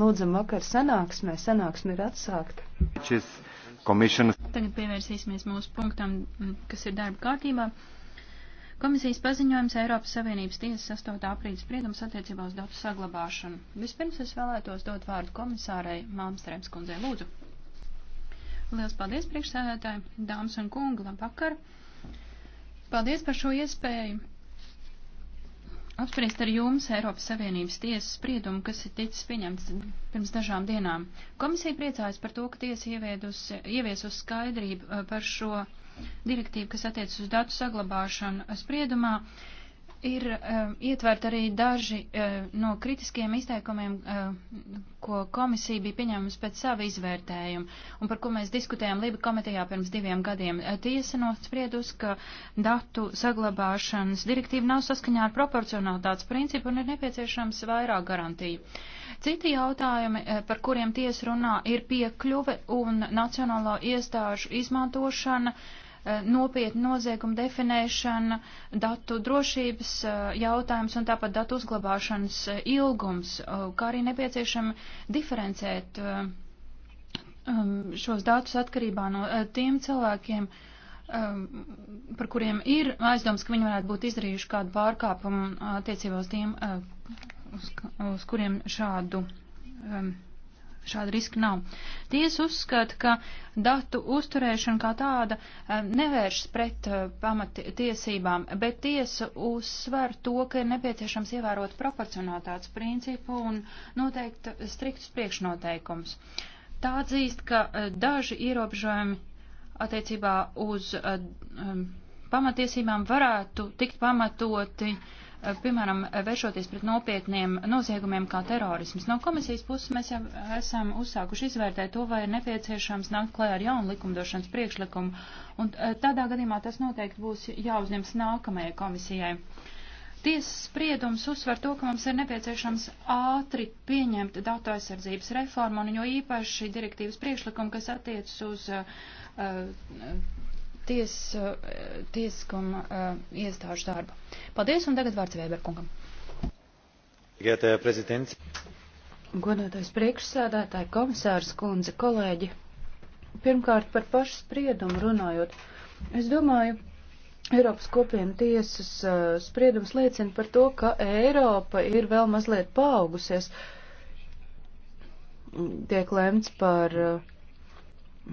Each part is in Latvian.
Lūdzam, vakar sanāksmē, sanāksme ir atsākta. Tagad pievērsīsimies mūsu punktam, kas ir darba kārtībā. Komisijas paziņojums Eiropas Savienības tiesas 8. aprīļa spriedums attiecībā uz datu saglabāšanu. Vispirms es vēlētos dot vārdu komisārai Malmstrēms kundzei. Lūdzu. Liels paldies priekšsēdētāji, dāmas un kungi, labvakar. Paldies par šo iespēju apspriest ar jums Eiropas Savienības tiesas spriedumu, kas ir ticis pieņemts pirms dažām dienām. Komisija priecājas par to, ka tiesa ieviesus skaidrību eh, par šo direktīvu, kas attiec uz datu saglabāšanu spriedumā. Uh, ir uh, eh, ietvert arī daži uh, no kritiskiem izteikumiem, uh, ko komisija bija pieņēmusi pēc sava izvērtējuma un par ko mēs diskutējām Liba komitejā pirms diviem gadiem. Uh, tiesa nospriedusi, ka datu saglabāšanas direktīva nav saskaņā ar proporcionalitātes principu un ir nepieciešams vairāk garantiju. Citi jautājumi, par kuriem tiesa runā, ir piekļuve un nacionālo iestāžu izmantošana nopietna nozieguma definēšana, datu drošības eh, jautājums un tāpat datu uzglabāšanas eh, ilgums, eh, kā arī nepieciešami diferencēt um, šos datus atkarībā no tiem cilvēkiem, par kuriem ir aizdoms, ka viņi varētu būt izdarījuši kādu pārkāpumu attiecībā uz tiem, uz, uz kuriem šādu um, Šāda riska nav. Tiesa uzskata, ka datu uzturēšana kā tāda eh, nevēršas pret eh, pamatiesībām, bet tiesa uzsver to, ka ir nepieciešams ievērot proporcionātāts principu un noteikt striktus priekšnoteikums. Tā atzīst, ka eh, daži ierobežojumi attiecībā uz pamatiesībām varētu tikt pamatoti uh, piemēram, vēršoties pret nopietniem noziegumiem kā terorisms. No komisijas puses mēs jau esam uzsākuši izvērtēt to, vai ir nepieciešams nākt klajā ar jaunu likumdošanas priekšlikumu, un eh, tādā gadījumā tas noteikti būs jāuzņems nākamajai komisijai. Tiesas spriedums uzsver to, ka mums ir nepieciešams ātri pieņemt datu aizsardzības reformu, un jo īpaši direktīvas priekšlikumu, kas attiecas uz uh, ties, tiesiskuma eh, iestāžu darbu. Paldies, un tagad vārds Vēberkungam. Gētē prezidents. Godātais priekšsēdētāji, komisārs kundze, kolēģi. Pirmkārt par pašu spriedumu runājot. Es domāju, Eiropas kopienu tiesas uh, spriedums liecina par to, ka Eiropa ir vēl mazliet paaugusies. Tiek lemts par uh,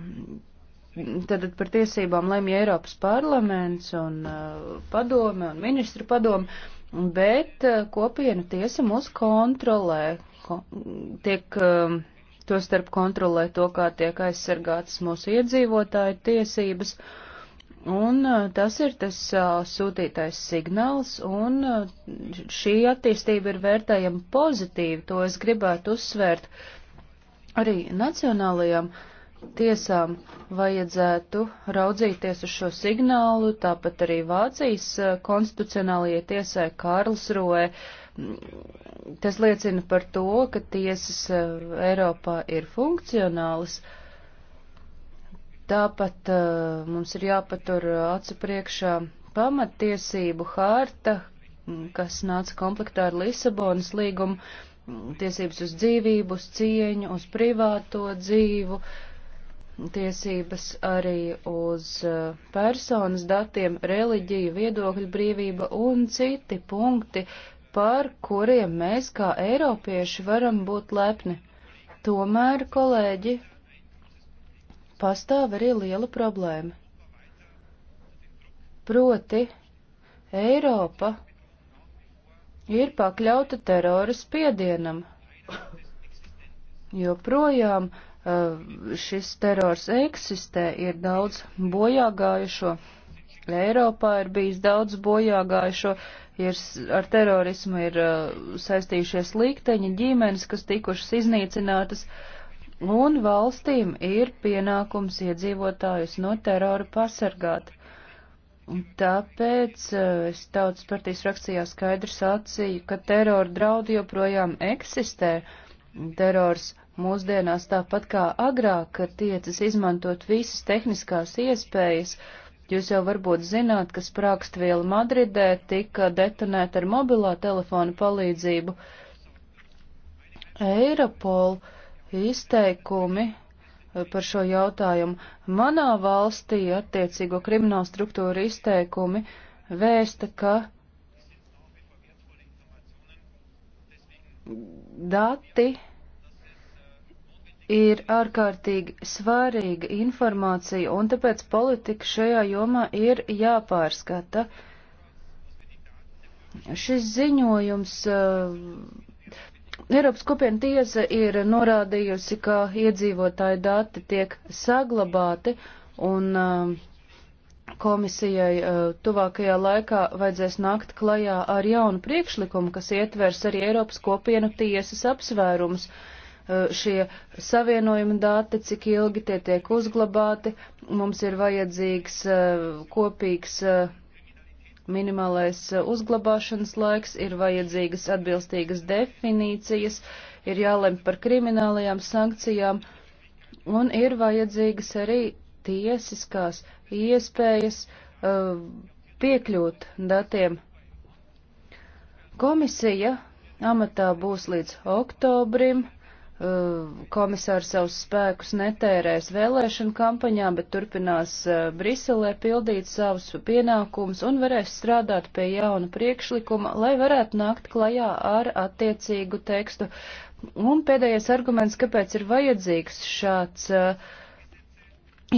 tad par tiesībām lemj Eiropas parlaments un uh, padome un ministra padome, bet uh, kopiena tiesa mūs kontrolē, ko, tiek uh, um, to starp kontrolē to, kā tiek aizsargātas mūsu iedzīvotāju tiesības. Un uh, tas ir tas uh, sūtītais signāls, un uh, šī attīstība ir vērtējama pozitīvi, to es gribētu uzsvērt arī nacionālajām uh, tiesām vajadzētu raudzīties uz šo signālu, tāpat arī Vācijas konstitucionālajai tiesai Kārlsroē. Mm, tas liecina par to, ka tiesas Eiropā ir funkcionālas. Tāpat uh, mums ir jāpatur acu priekšā pamattiesību hārta, mm, kas nāca komplektā ar Lisabonas līgumu, mm, tiesības uz dzīvību, uz cieņu, uz privāto dzīvu, uh, tiesības arī uz eh, personas datiem, reliģiju, viedokļu brīvība un citi punkti, par kuriem mēs kā eiropieši varam būt lepni. Tomēr, kolēģi, pastāv arī liela problēma. Proti, Eiropa ir pakļauta terora spiedienam, jo projām uh, Eh, šis terors eksistē, ir daudz bojāgājušo. Eiropā ir bijis daudz bojāgājušo, ir, ar terorismu ir eh, saistījušies likteņi, ģimenes, kas tikušas iznīcinātas, un valstīm ir pienākums iedzīvotājus no terora pasargāt. Tāpēc eh, es tautas partijas rakstījā skaidri sacīju, ka terora draudi joprojām eksistē. Terors mūsdienās tāpat kā agrāk tiecas izmantot visas tehniskās iespējas. Jūs jau varbūt zināt, ka sprākstviela Madridē tika detonēta ar mobilā telefona palīdzību. Eiropol izteikumi eh, par šo jautājumu. Manā valstī attiecīgo kriminālu struktūru izteikumi vēsta, ka dati ir ārkārtīgi svarīga informācija, un tāpēc politika šajā jomā ir jāpārskata. Šis ziņojums uh, Eiropas kopiena tiesa ir norādījusi, ka iedzīvotāju dati tiek saglabāti, un uh, komisijai uh, tuvākajā laikā vajadzēs nākt klajā ar jaunu priekšlikumu, kas ietvers arī Eiropas kopienu tiesas apsvērumus. Uh, Eh, šie savienojuma dati, cik ilgi tie tiek uzglabāti. Mums ir vajadzīgs eh, kopīgs eh, minimālais uzglabāšanas laiks, ir vajadzīgas atbilstīgas definīcijas, ir jālem par kriminālajām sankcijām un ir vajadzīgas arī tiesiskās iespējas piekļūt datiem. Komisija amatā būs līdz oktobrim. Eh, komisārs savus spēkus netērēs vēlēšanu kampaņā, bet turpinās eh, Briselē pildīt savus pienākumus un varēs strādāt pie jauna priekšlikuma, lai varētu nākt klajā ar attiecīgu tekstu. Un pēdējais arguments, kāpēc ir vajadzīgs šāds eh,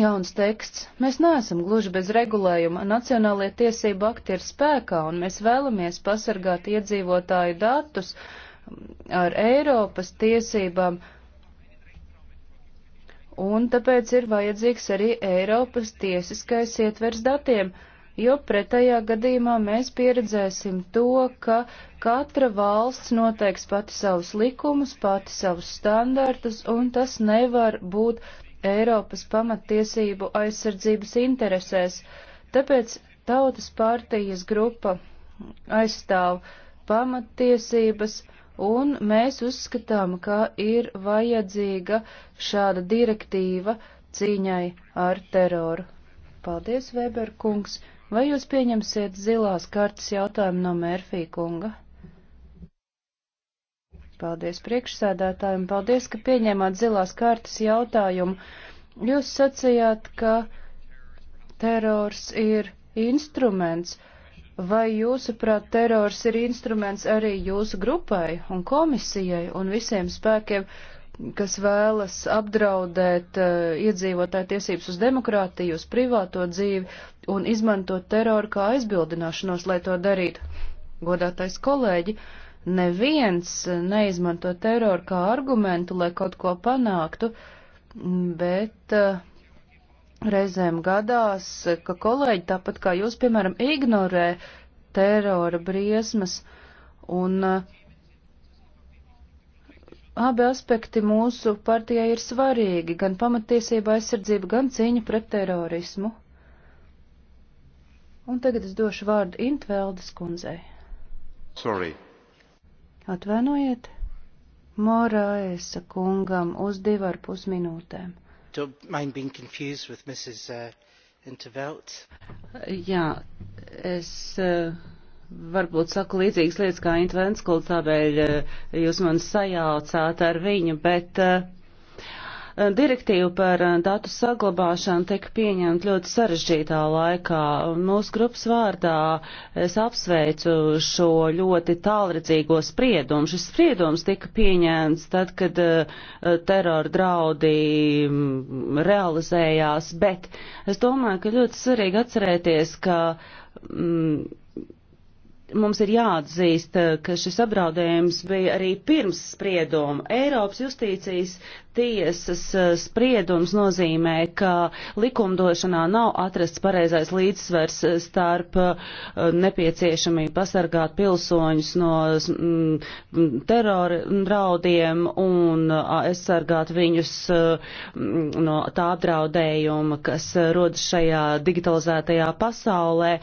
jauns teksts. Mēs neesam gluži bez regulējuma. Nacionālajie tiesība akti ir spēkā, un mēs vēlamies pasargāt iedzīvotāju datus ar Eiropas tiesībām, un tāpēc ir vajadzīgs arī Eiropas tiesiskais ietvers datiem, jo pretējā gadījumā mēs pieredzēsim to, ka katra valsts noteiks pati savus likumus, pati savus standartus, un tas nevar būt Eiropas pamattiesību aizsardzības interesēs. Tāpēc Tautas partijas grupa aizstāv pamattiesības, uh, un mēs uzskatām, ka ir vajadzīga šāda direktīva cīņai ar teroru. Paldies, Weber kungs! Vai jūs pieņemsiet zilās kartas jautājumu no Mērfī kunga? Paldies priekšsēdētājiem, paldies, ka pieņēmāt zilās kartas jautājumu. Jūs sacījāt, ka terors ir instruments, uh, Vai jūsuprāt, terors ir instruments arī jūsu grupai un komisijai un visiem spēkiem, kas vēlas apdraudēt uh, iedzīvotāju tiesības uz demokrātiju, uz privāto dzīvi un izmantot teroru kā aizbildināšanos, lai to darītu? Godātais kolēģi, neviens neizmanto teroru kā argumentu, lai kaut ko panāktu, bet. Uh, reizēm gadās, ka kolēģi, tāpat kā jūs, piemēram, ignorē terora briesmas, un eh, abi aspekti mūsu partijai ir svarīgi, gan pamatiesība aizsardzība, gan cīņa pret terorismu. Un tagad es došu vārdu Intveldes kundzei. Sorry. Atvainojiet, Morāēsa kungam uz divar pusminūtēm don't mind being confused with Mrs. Uh, Intervelt. Jā, es uh, varbūt saku līdzīgas lietas kā Intervents, tāpēc uh, jūs man sajaucāt ar viņu, bet. Uh, Eh, direktīva par eh, datu saglabāšanu tika pieņemta ļoti sarežģītā laikā. Mūsu grupas vārdā es apsveicu šo ļoti tālredzīgo spriedumu. Šis spriedums tika pieņemts tad, kad eh, terora draudi mm, realizējās, bet es domāju, ka ļoti svarīgi atcerēties, ka. Mm, mums ir jāatzīst, ka šis apdraudējums bija arī pirms sprieduma. Eiropas justīcijas tiesas eh, spriedums nozīmē, ka likumdošanā nav atrasts pareizais līdzsvers eh, starp eh, nepieciešamību pasargāt pilsoņus no mm, terora draudiem un aizsargāt viņus mm, no tā apdraudējuma, kas rodas šajā digitalizētajā pasaulē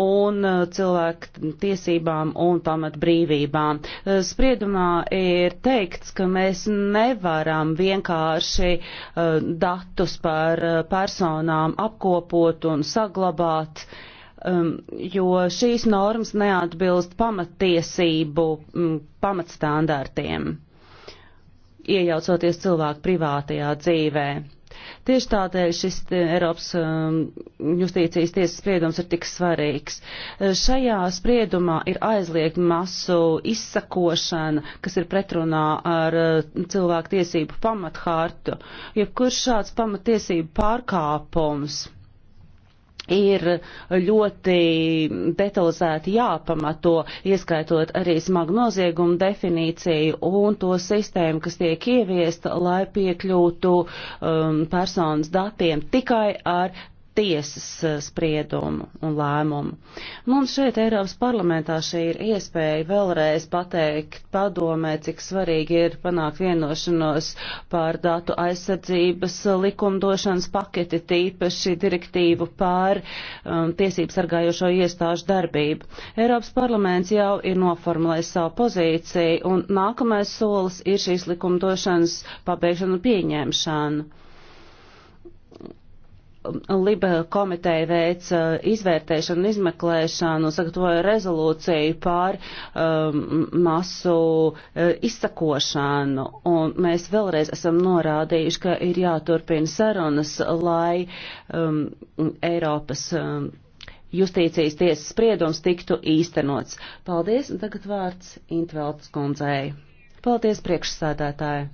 un cilvēku tiesībām un pamatbrīvībām. Spriedumā ir teikts, ka mēs nevaram vienkārši vienkārši uh, datus par uh, personām apkopot un saglabāt, um, jo šīs normas neatbilst pamatiesību um, pamatstandārtiem, iejaucoties cilvēku privātajā dzīvē. Tieši tādēļ šis eh, Eiropas um, justīcijas tiesas spriedums ir tik svarīgs. Eh, šajā spriedumā ir aizliegt masu izsakošana, kas ir pretrunā ar eh, cilvēku tiesību pamathārtu. Jebkurš šāds pamatiesību pārkāpums ir ļoti detalizēti jāpamato, ieskaitot arī smagu noziegumu definīciju un to sistēmu, kas tiek ieviesta, lai piekļūtu um, personas datiem tikai ar tiesas eh, spriedumu un lēmumu. Mums šeit Eiropas parlamentā šī ir iespēja vēlreiz pateikt padomē, cik svarīgi ir panākt vienošanos pār datu aizsardzības likumdošanas paketi, tīpaši direktīvu pār um, tiesību sargājošo iestāžu darbību. Eiropas parlaments jau ir noformulējis savu pozīciju un nākamais solis ir šīs likumdošanas pabeigšana un pieņemšana. Liba komiteja veica uh, izvērtēšanu, izmeklēšanu, sagatavoja rezolūciju pār um, masu uh, izsakošanu, un mēs vēlreiz esam norādījuši, ka ir jāturpina sarunas, lai um, Eiropas um, justīcijas tiesas spriedums tiktu īstenots. Paldies, un tagad vārds Intveltas kundzei. Paldies, priekšsādātāji!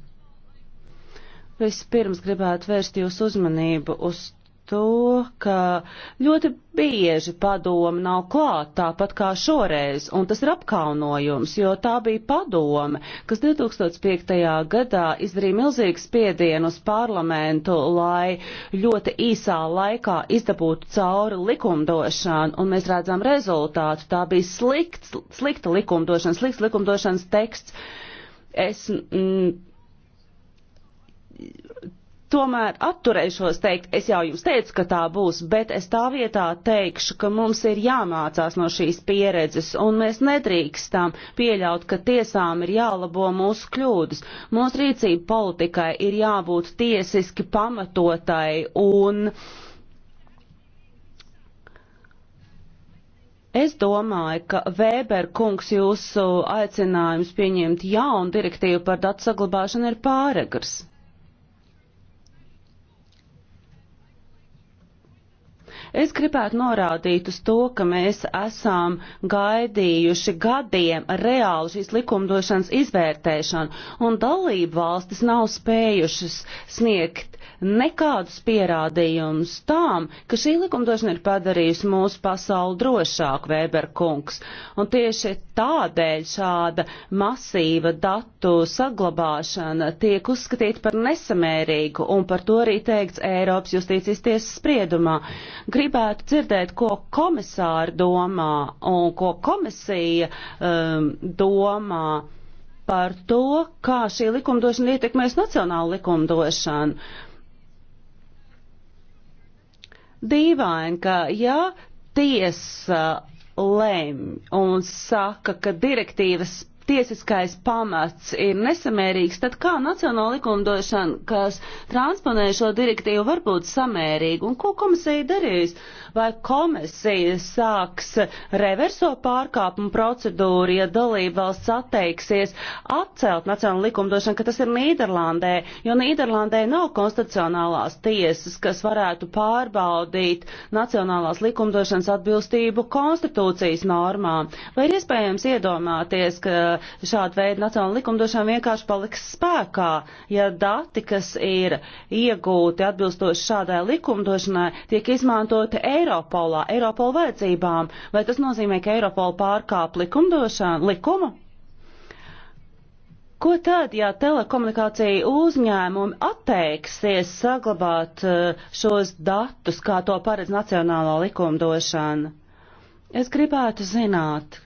Vispirms gribētu vērst jūsu uzmanību uz to, ka ļoti bieži padoma nav klāt tāpat kā šoreiz, un tas ir apkaunojums, jo tā bija padome, kas 2005. gadā izdarīja milzīgu spiedienu uz parlamentu, lai ļoti īsā laikā izdabūtu cauri likumdošanu, un mēs redzam rezultātu. Tā bija slikts, slikta likumdošana, slikts likumdošanas teksts. Es, mm, tomēr atturēšos teikt, es jau jums teicu, ka tā būs, bet es tā vietā teikšu, ka mums ir jāmācās no šīs pieredzes, un mēs nedrīkstam pieļaut, ka tiesām ir jālabo mūsu kļūdas. Mūsu rīcība politikai ir jābūt tiesiski pamatotai un. Es domāju, ka Vēber kungs jūsu aicinājums pieņemt jaunu direktīvu par datu saglabāšanu ir pāregars. Es gribētu norādīt uz to, ka mēs esam gaidījuši gadiem reāli šīs likumdošanas izvērtēšanu, un dalību valstis nav spējušas sniegt nekādus pierādījumus tām, ka šī likumdošana ir padarījusi mūsu pasauli drošāku, Vēberkungs. Un tieši tādēļ šāda masīva datu saglabāšana tiek uzskatīta par nesamērīgu, un par to arī teikts Eiropas justīcijas tiesas spriedumā. Grib gribētu dzirdēt, ko komisāri domā un ko komisija um, domā par to, kā šī likumdošana ietekmēs nacionālu likumdošanu. Dīvaini, ka ja tiesa lemj un saka, ka direktīvas tiesiskais pamats ir nesamērīgs, tad kā nacionāla likumdošana, kas transponē šo direktīvu, var būt samērīga? Un ko komisija darīs? Vai komisija sāks reverso pārkāpumu procedūru, ja dalība valsts atteiksies atcelt nacionālu likumdošanu, ka tas ir Nīderlandē, jo Nīderlandē nav konstitucionālās tiesas, kas varētu pārbaudīt nacionālās likumdošanas atbilstību konstitūcijas normām? Vai ir iespējams iedomāties, ka šāda veida nacionāla likumdošana vienkārši paliks spēkā, ja dati, kas ir iegūti atbilstoši šādai likumdošanai, tiek izmantoti Eiropolā, Eiropola vajadzībām. Vai tas nozīmē, ka Eiropola pārkāp likumdošanu, likumu? Ko tad, ja telekomunikācija uzņēmumi atteiksies saglabāt eh, šos datus, kā to paredz nacionālā likumdošana? Es gribētu zināt,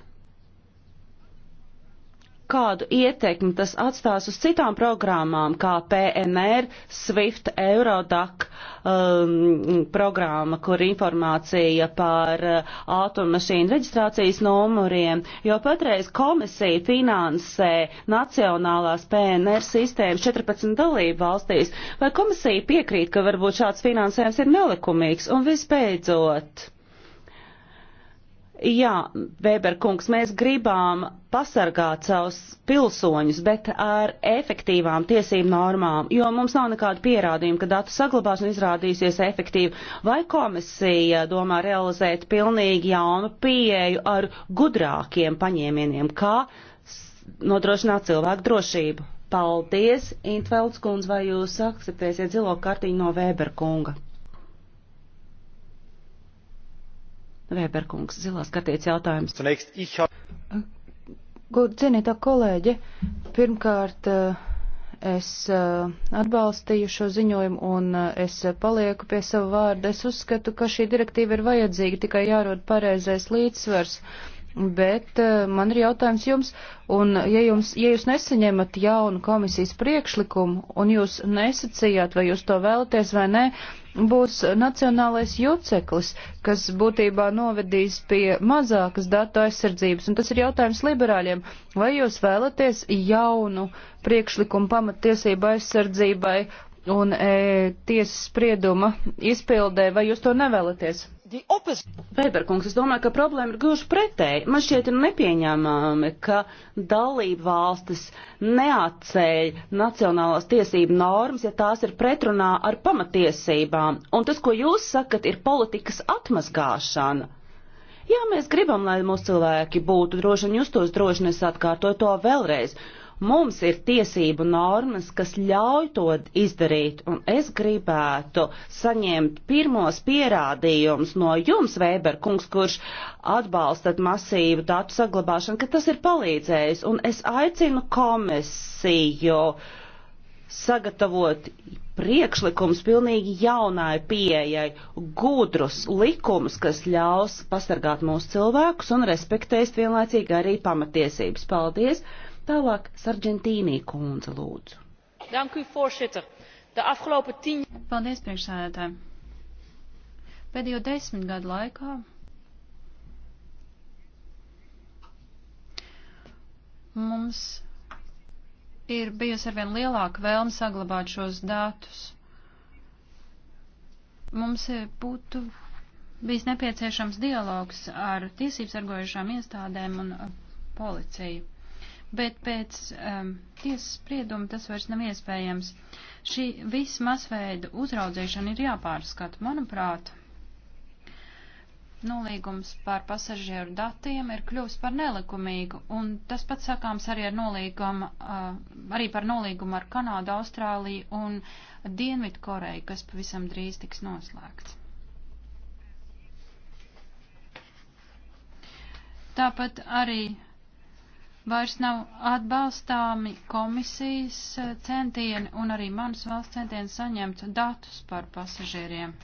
kādu ietekmi tas atstās uz citām programmām, kā PNR, SWIFT, Eurodac um, programma, kur informācija par uh, automašīnu reģistrācijas numuriem, jo patreiz komisija finansē nacionālās PNR sistēmas 14 dalību valstīs. Vai komisija piekrīt, ka varbūt šāds finansējums ir nelikumīgs? Un visbeidzot. Jā, Weber kungs, mēs gribām pasargāt savus pilsoņus, bet ar efektīvām tiesību normām, jo mums nav nekādu pierādījumu, ka datu saglabāšana izrādīsies efektīva. Vai komisija domā realizēt pilnīgi jaunu pieeju ar gudrākiem paņēmieniem, kā nodrošināt cilvēku drošību? Paldies, Intvelds kundz, vai jūs akceptēsiet zilo kartiņu no Weber kunga? Vēberkungs, zilās skatīts jautājums. Cienītā kolēģe, pirmkārt, eh, es eh, atbalstīju šo ziņojumu un eh, es palieku pie savu vārdu. Es uzskatu, ka šī direktīva ir vajadzīga, tikai jārod pareizais līdzsvars bet eh, man ir jautājums jums, un ja, jums, ja jūs nesaņemat jaunu komisijas priekšlikumu, un jūs nesacījāt, vai jūs to vēlaties vai nē, būs nacionālais juceklis, kas būtībā novedīs pie mazākas datu aizsardzības, un tas ir jautājums liberāļiem, vai jūs vēlaties jaunu priekšlikumu pamattiesību aizsardzībai un e, tiesas sprieduma izpildē, vai jūs to nevēlaties? Vēberkungs, es domāju, ka problēma ir gluži pretēji. Man šķiet ir nepieņēmami, ka dalība valstis neatceļ nacionālās tiesību normas, ja tās ir pretrunā ar pamatiesībām. Un tas, ko jūs sakat, ir politikas atmazgāšana. Jā, mēs gribam, lai mūsu cilvēki būtu droši un justos droši, un es atkārtoju to vēlreiz mums ir tiesību normas, kas ļauj to izdarīt, un es gribētu saņemt pirmos pierādījumus no jums, Vēber kungs, kurš atbalstat masīvu datu saglabāšanu, ka tas ir palīdzējis, un es aicinu komisiju sagatavot priekšlikums pilnīgi jaunai pieejai, gudrus likumus, kas ļaus pasargāt mūsu cilvēkus un respektēs vienlaicīgi arī pamatiesības. Paldies! Tālāk Sargentīnī kundze lūdzu. Danku, foršita. De afgelopen tien... Paldies, priekšsēdētāji. Pēdējo desmit gadu laikā mums ir bijusi arvien lielāka vēlme saglabāt šos datus. Mums būtu bijis nepieciešams dialogs ar tiesības argojušām iestādēm un uh, policiju bet pēc um, tiesas sprieduma tas vairs nav iespējams. Šī visa masveida uzraudzēšana ir jāpārskata, manuprāt. Nolīgums par pasažieru datiem ir kļuvis par nelikumīgu, un tas pats sakāms arī, ar nolīgumu, uh, arī par nolīgumu ar Kanādu, Austrāliju un Dienvidkoreju, kas pavisam drīz tiks noslēgts. Tāpat arī vairs nav atbalstāmi komisijas eh, centieni un arī manas valsts centieni saņemt datus par pasažieriem.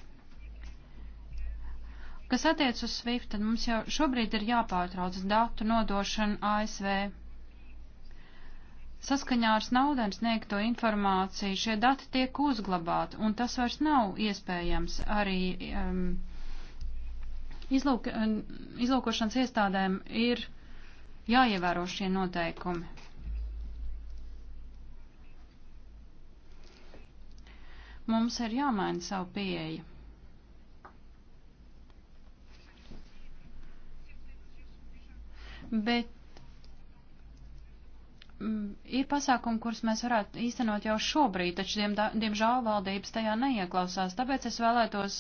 Kas attiec uz SWIFT, tad mums jau šobrīd ir jāpārtrauc datu nodošana ASV. Saskaņā ar Snaudens sniegto informāciju šie dati tiek uzglabāti, un tas vairs nav iespējams arī. Um, Izlūk, izlūkošanas iestādēm ir jāievēro šie noteikumi. Mums ir jāmaina savu pieeju. Bet mm, ir pasākumi, kurus mēs varētu īstenot jau šobrīd, taču diem, diemžēl valdības tajā neieklausās. Tāpēc es vēlētos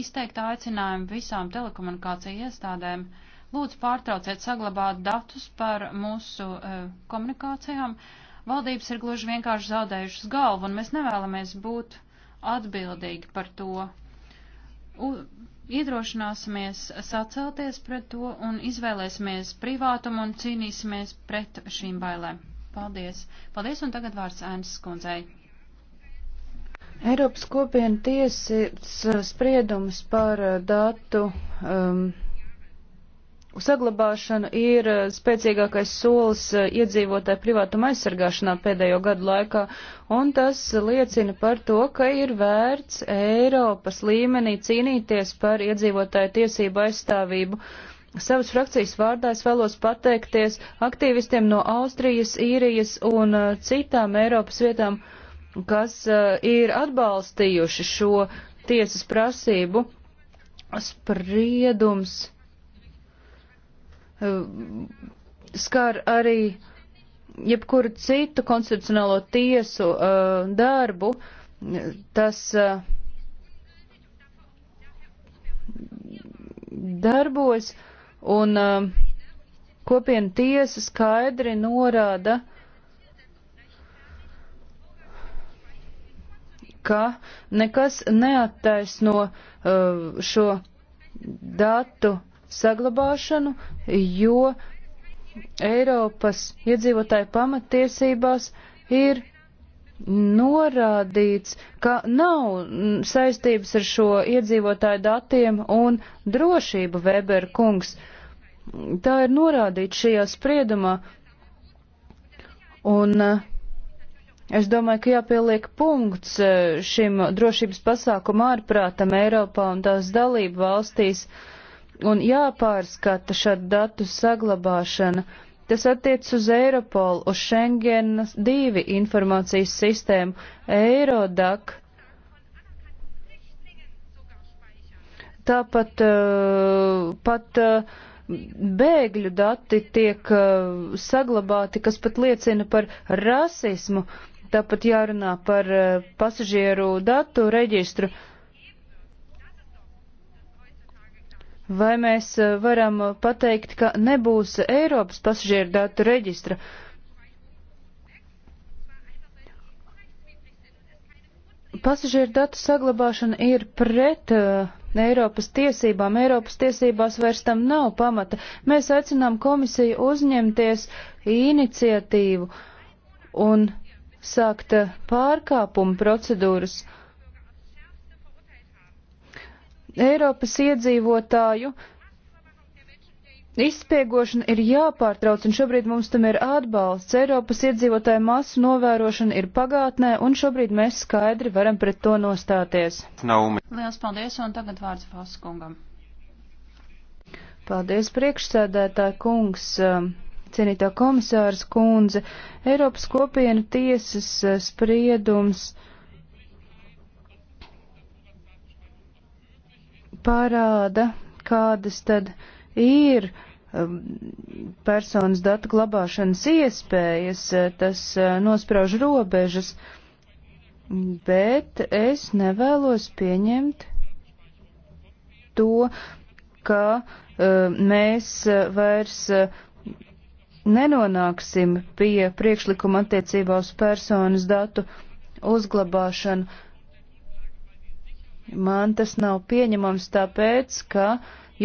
izteikt aicinājumu visām telekomunikāciju iestādēm uh, Lūdzu, pārtrauciet saglabāt datus par mūsu uh, komunikācijām. Valdības ir gluži vienkārši zaudējušas galvu, un mēs nevēlamies būt atbildīgi par to. U Iedrošināsimies sacelties pret to un izvēlēsimies privātumu un cīnīsimies pret šīm bailēm. Paldies! Paldies, un tagad vārds Ēnas skundzei. Eiropas kopiena tiesas spriedums par datu um, Saglabāšana ir eh, spēcīgākais solis eh, iedzīvotāju privātuma aizsargāšanā pēdējo gadu laikā, un tas liecina par to, ka ir vērts Eiropas līmenī cīnīties par iedzīvotāju tiesību aizstāvību. Savas frakcijas vārdā es vēlos pateikties aktīvistiem no Austrijas, Īrijas un eh, citām Eiropas vietām, kas ir atbalstījuši šo tiesas prasību. Spriedums Eh, skar arī jebkuru citu konstitucionālo tiesu uh, darbu, tas uh, darbos un uh, kopiena tiesa skaidri norāda, ka nekas neattaisno uh, šo datu saglabāšanu, jo Eiropas iedzīvotāju pamatiesībās ir norādīts, ka nav saistības ar šo iedzīvotāju datiem un drošību, Weber kungs. Tā ir norādīta šajā spriedumā. Un eh, es domāju, ka jāpieliek punkts eh, šim drošības pasākumu ārprātam Eiropā un tās dalību valstīs. Uh, un jāpārskata šādu datu saglabāšana. Tas attiec uz Eiropolu, uz Schengenas divi informācijas sistēmu, Eirodak. Tāpat uh, pat uh, bēgļu dati tiek uh, saglabāti, kas pat liecina par rasismu. Tāpat jārunā par uh, pasažieru datu reģistru. Uh, Vai mēs eh, varam pateikt, ka nebūs Eiropas pasažieru datu reģistra? Pasažieru datu saglabāšana ir pret uh, Eiropas tiesībām. Eiropas tiesībās vairs tam nav pamata. Mēs aicinām komisiju uzņemties iniciatīvu un sākt eh, pārkāpumu procedūras. Uh, Eiropas iedzīvotāju izspiegošana ir jāpārtrauc, un šobrīd mums tam ir atbalsts. Eiropas iedzīvotāju masu novērošana ir pagātnē, un šobrīd mēs skaidri varam pret to nostāties. Naumi. Lielas paldies, un tagad vārds Foskungam. Paldies, priekšsēdētāja kungs, um, cienītā komisārs kundze. Eiropas kopiena tiesas uh, spriedums parāda, kādas tad ir um, personas datu glabāšanas iespējas, eh, tas eh, nosprauž robežas, bet es nevēlos pieņemt to, ka eh, mēs vairs nenonāksim pie priekšlikuma attiecībā uz personas datu uzglabāšanu Man tas nav pieņemams tāpēc, ka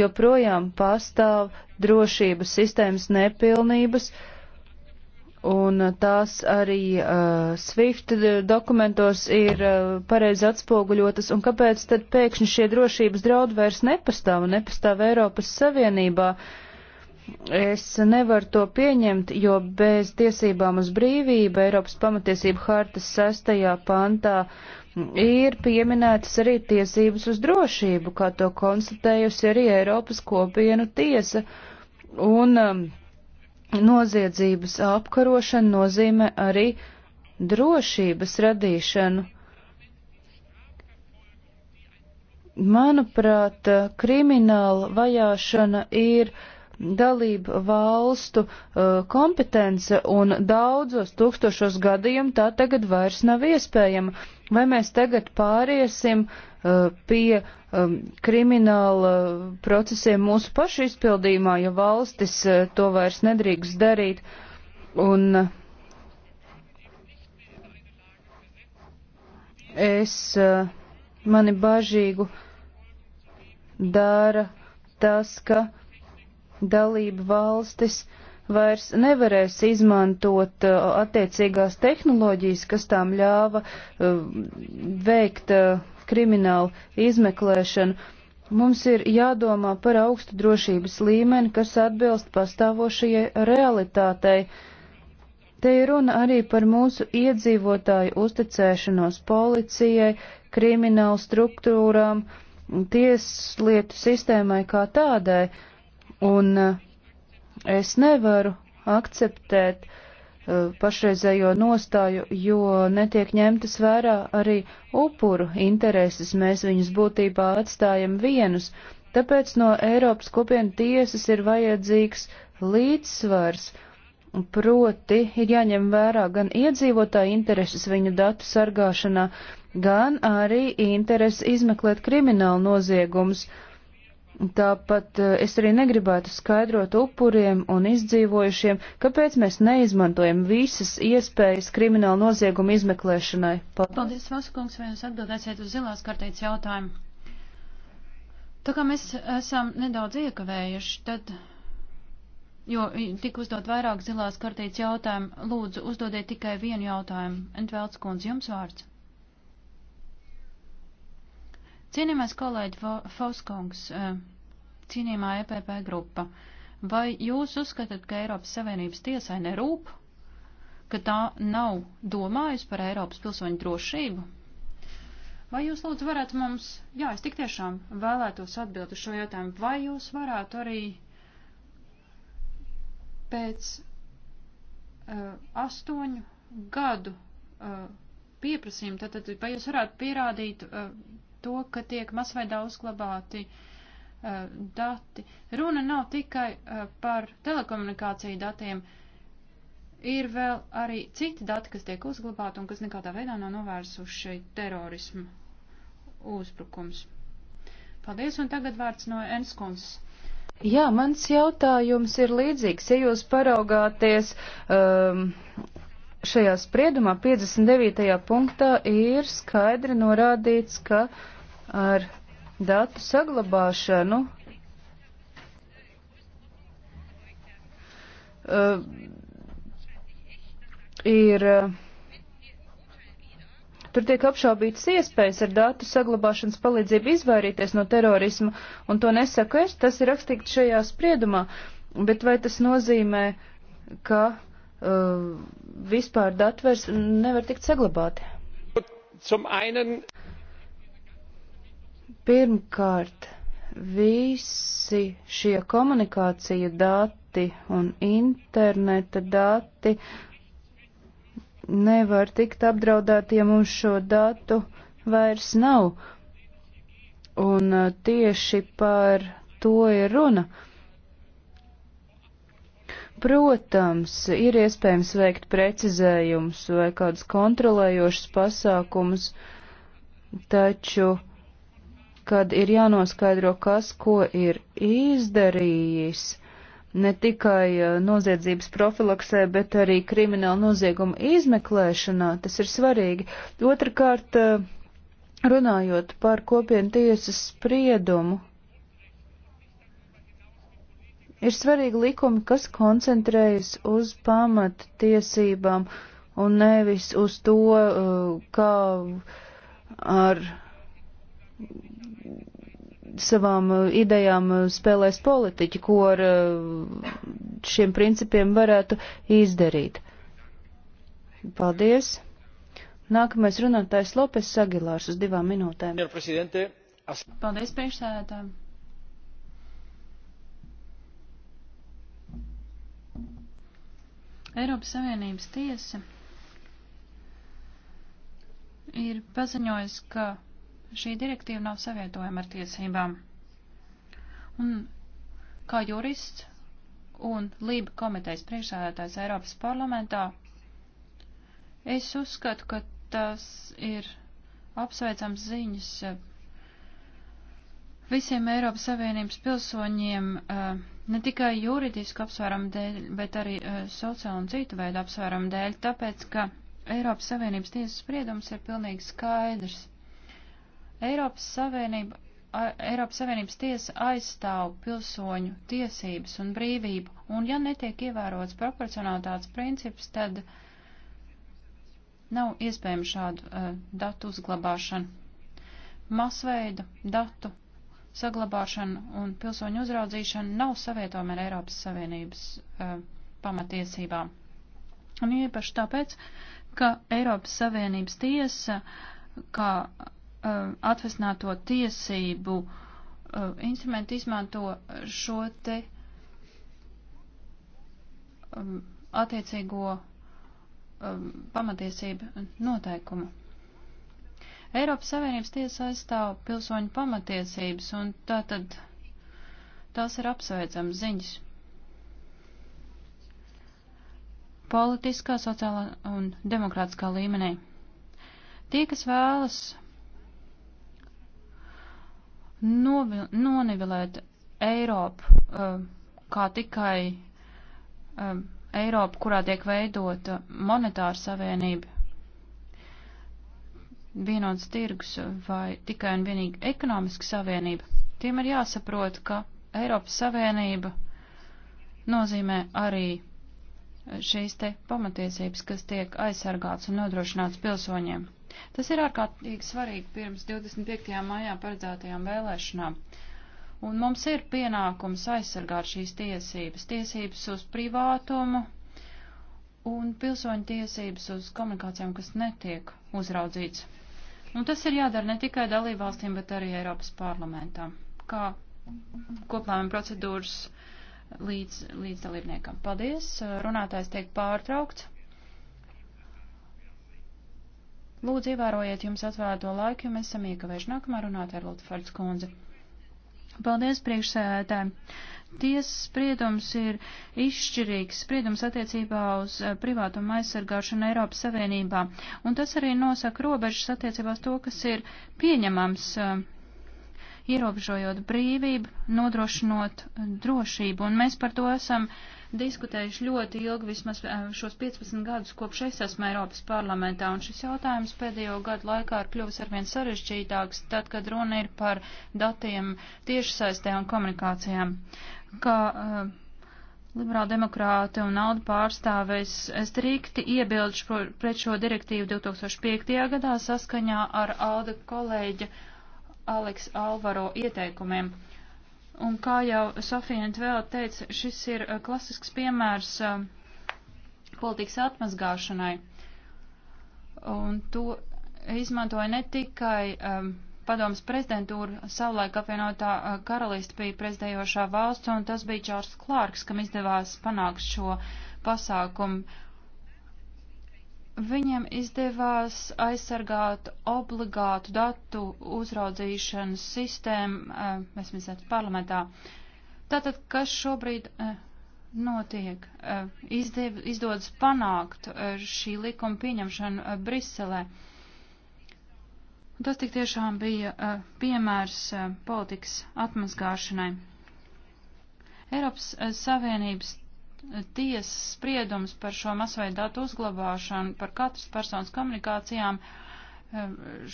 joprojām pastāv drošības sistēmas nepilnības, un tās arī uh, SWIFT dokumentos ir uh, pareizi atspoguļotas, un kāpēc tad pēkšņi šie drošības draudi vairs nepastāv un nepastāv Eiropas Savienībā? Uh, Es nevaru to pieņemt, jo bez tiesībām uz brīvību Eiropas pamatiesību hartas sastajā pantā ir pieminētas arī tiesības uz drošību, kā to konstatējusi arī Eiropas kopienu tiesa. Un um, noziedzības apkarošana nozīmē arī drošības radīšanu. Manuprāt, krimināla vajāšana ir dalību valstu uh, kompetence un daudzos tūkstošos gadījumu tā tagad vairs nav iespējama. Vai mēs tagad pāriesim uh, pie um, krimināla procesiem mūsu pašu izpildījumā, jo valstis uh, to vairs nedrīkst darīt? Un es uh, mani bažīgu dara tas, ka dalību valstis vairs nevarēs izmantot uh, attiecīgās tehnoloģijas, kas tām ļāva uh, veikt uh, kriminālu izmeklēšanu. Mums ir jādomā par augstu drošības līmeni, kas atbilst pastāvošajai realitātei. Te ir runa arī par mūsu iedzīvotāju uzticēšanos policijai, kriminālu struktūrām, tieslietu sistēmai kā tādai. Uh, Un uh, es nevaru akceptēt uh, pašreizējo nostāju, jo netiek ņemtas vērā arī upuru intereses. Mēs viņus būtībā atstājam vienus. Tāpēc no Eiropas kopienu tiesas ir vajadzīgs līdzsvars. Proti ir jāņem vērā gan iedzīvotāja intereses viņu datu sargāšanā, gan arī interesi izmeklēt kriminālu noziegumus. Uh, Tāpat eh, es arī negribētu skaidrot upuriem un izdzīvojušiem, kāpēc mēs neizmantojam visas iespējas krimināla nozieguma izmeklēšanai. Paldies, Paldies Vaskungs, vai jūs atbildēsiet uz zilās kartītes jautājumu? Tā kā mēs esam nedaudz iekavējuši, tad, jo tik uzdot vairāk zilās kartītes jautājumu, lūdzu uzdodiet tikai vienu jautājumu. Entvelts kundze, jums vārds. Cienījamais kolēģi Foskungs, eh, cienījamā EPP grupa, vai jūs uzskatāt, ka Eiropas Savienības tiesai nerūp, ka tā nav domājusi par Eiropas pilsoņu drošību? Vai jūs lūdzu varētu mums, jā, es tik tiešām vēlētos atbildi uz šo jautājumu, vai jūs varētu arī pēc uh, astoņu gadu uh, eh, pieprasījumu, tad, tad vai jūs varētu pierādīt uh, to, ka tiek masveidā uzglabāti uh, eh, dati. Runa nav tikai uh, par telekomunikāciju datiem, ir vēl arī citi dati, kas tiek uzglabāti un kas nekādā veidā nav novērsuši terorismu uzbrukums. Paldies, un tagad vārds no Enskunses. Jā, mans jautājums ir līdzīgs. Ja jūs paraugāties um, šajā spriedumā 59. punktā ir skaidri norādīts, ka ar datu saglabāšanu uh, ir. Uh, Tur tiek apšaubītas iespējas ar datu saglabāšanas palīdzību izvairīties no terorisma, un to nesaku es, tas ir rakstīts šajā spriedumā, bet vai tas nozīmē, ka Uh, vispār dati vairs nevar tikt saglabāti. Pirmkārt, visi šie komunikācija dati un interneta dati nevar tikt apdraudēti, ja mums šo datu vairs nav. Un uh, tieši par to ir runa. Uh, Protams, ir iespējams veikt precizējumus vai kādus kontrolējošus pasākumus, taču, kad ir jānoskaidro, kas ko ir izdarījis, ne tikai eh, noziedzības profilaksē, bet arī krimināla nozieguma izmeklēšanā, tas ir svarīgi. Otrakārt, eh, runājot par kopienu tiesas spriedumu, Ir svarīgi likumi, kas koncentrējas uz pamata tiesībām un nevis uz to, uh, kā ar savām uh, idejām uh, spēlēs politiķi, ko ar šiem principiem varētu izdarīt. Paldies! Nākamais runātājs Lopes Sagilārs uz divām minūtēm. Paldies, priekšsēdētājiem! Eiropas Savienības tiesa ir paziņojusi, ka šī direktīva nav savietojama ar tiesībām. Un kā jurists un Lība komitejas priekšsēdētājs Eiropas parlamentā, es uzskatu, ka tas ir apsveicams ziņas visiem Eiropas Savienības pilsoņiem eh, ne tikai juridisku apsvērumu dēļ, bet arī eh, sociālu un citu veidu apsvērumu dēļ, tāpēc, ka Eiropas Savienības tiesas spriedums ir pilnīgi skaidrs. Eiropas Savienība Eiropas Savienības tiesa aizstāv pilsoņu tiesības un brīvību, un ja netiek ievērots proporcionalitātes princips, tad nav iespējama šādu uh, datu uzglabāšana. Masveida datu saglabāšana un pilsoņu uzraudzīšana nav savietojama ar Eiropas Savienības uh, pamatiesībām. Un īpaši tāpēc, ka Eiropas Savienības tiesa, kā uh, atvesināto tiesību uh, instrumentu, izmanto šo te um, attiecīgo um, pamatiesību noteikumu. Eiropas Savienības tiesa aizstāv pilsoņu pamatiesības, un tātad tās ir apsveicams ziņas. Politiskā, sociālā un demokrātiskā līmenī. Tie, kas vēlas novil, nonivilēt Eiropu uh, kā tikai um, Eiropu, kurā tiek veidota monetāra savienība, vienots tirgus vai tikai un vienīgi ekonomiska savienība, tiem ir jāsaprot, ka Eiropas Savienība nozīmē arī šīs te pamatiesības, kas tiek aizsargāts un nodrošināts pilsoņiem. Tas ir ārkārtīgi svarīgi pirms 25. maijā paredzētajām vēlēšanām. Un mums ir pienākums aizsargāt šīs tiesības, tiesības uz privātumu, un pilsoņu tiesības uz komunikācijām, kas netiek uzraudzīts. Un nu, tas ir jādara ne tikai dalībvalstīm, bet arī Eiropas parlamentām, kā koplēmuma procedūras līdz, līdz dalībniekam. Paldies, runātājs tiek pārtraukts. Lūdzu, ievērojiet jums atvērto laiku, jo mēs esam iekavējuši nākamā runātāja Lutfords kundze. Paldies, priekšsēdētāji! Tiesas spriedums ir izšķirīgs spriedums attiecībā uz eh, privātumu aizsargāšanu Eiropas Savienībā, un tas arī nosaka robežas attiecībās to, kas ir pieņemams eh, ierobežojot brīvību, nodrošinot eh, drošību. Un mēs par to esam diskutējuši ļoti ilgi, vismaz šos 15 gadus, kopš es esmu Eiropas parlamentā. Un šis jautājums pēdējo gadu laikā ir kļuvis arvien sarežģītāks, tad, kad runa ir par datiem tiešsaistē un komunikācijām kā uh, eh, liberāla demokrāte un nauda pārstāvēs strikti iebildu pret šo direktīvu 2005. gadā saskaņā ar Alda kolēģa Aleks Alvaro ieteikumiem. Un kā jau Sofija Entvēl teica, šis ir uh, klasisks piemērs uh, politikas atmazgāšanai. Un to izmantoja ne tikai um, padomas prezidentūra savulaik apvienotā karalista bija prezidējošā valsts, un tas bija Čārls Klārks, kam izdevās panākt šo pasākumu. Viņiem izdevās aizsargāt obligātu datu uzraudzīšanas sistēmu, mēs mīlētu parlamentā. Tātad, kas šobrīd notiek? Izdev, izdodas panākt šī likuma pieņemšanu Briselē. Un tas tik tiešām bija uh, piemērs uh, politikas atmazgāšanai. Eiropas uh, Savienības tiesas spriedums par šo masveidu datu uzglabāšanu, par katras personas komunikācijām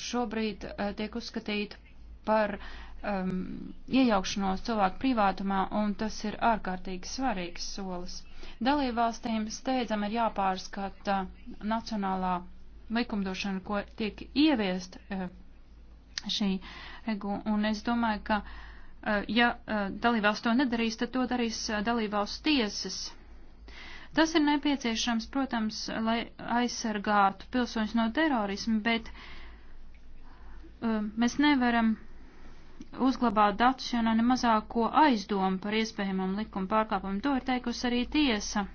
šobrīd tiek uzskatīta par um, iejaukšanos cilvēku privātumā, un tas ir ārkārtīgi svarīgs solis. Dalībvalstīm steidzam ir jāpārskata nacionālā likumdošana, ko tiek ieviest eh, šī regula. Un es domāju, ka, eh, ja eh, dalībvalsts to nedarīs, tad to darīs dalībvalsts tiesas. Tas ir nepieciešams, protams, lai aizsargātu pilsoņus no terorismu, bet mēs nevaram uzglabāt datus, jo nav ne mazāko aizdomu par iespējamam likuma pārkāpumu. To ir teikusi arī tiesa.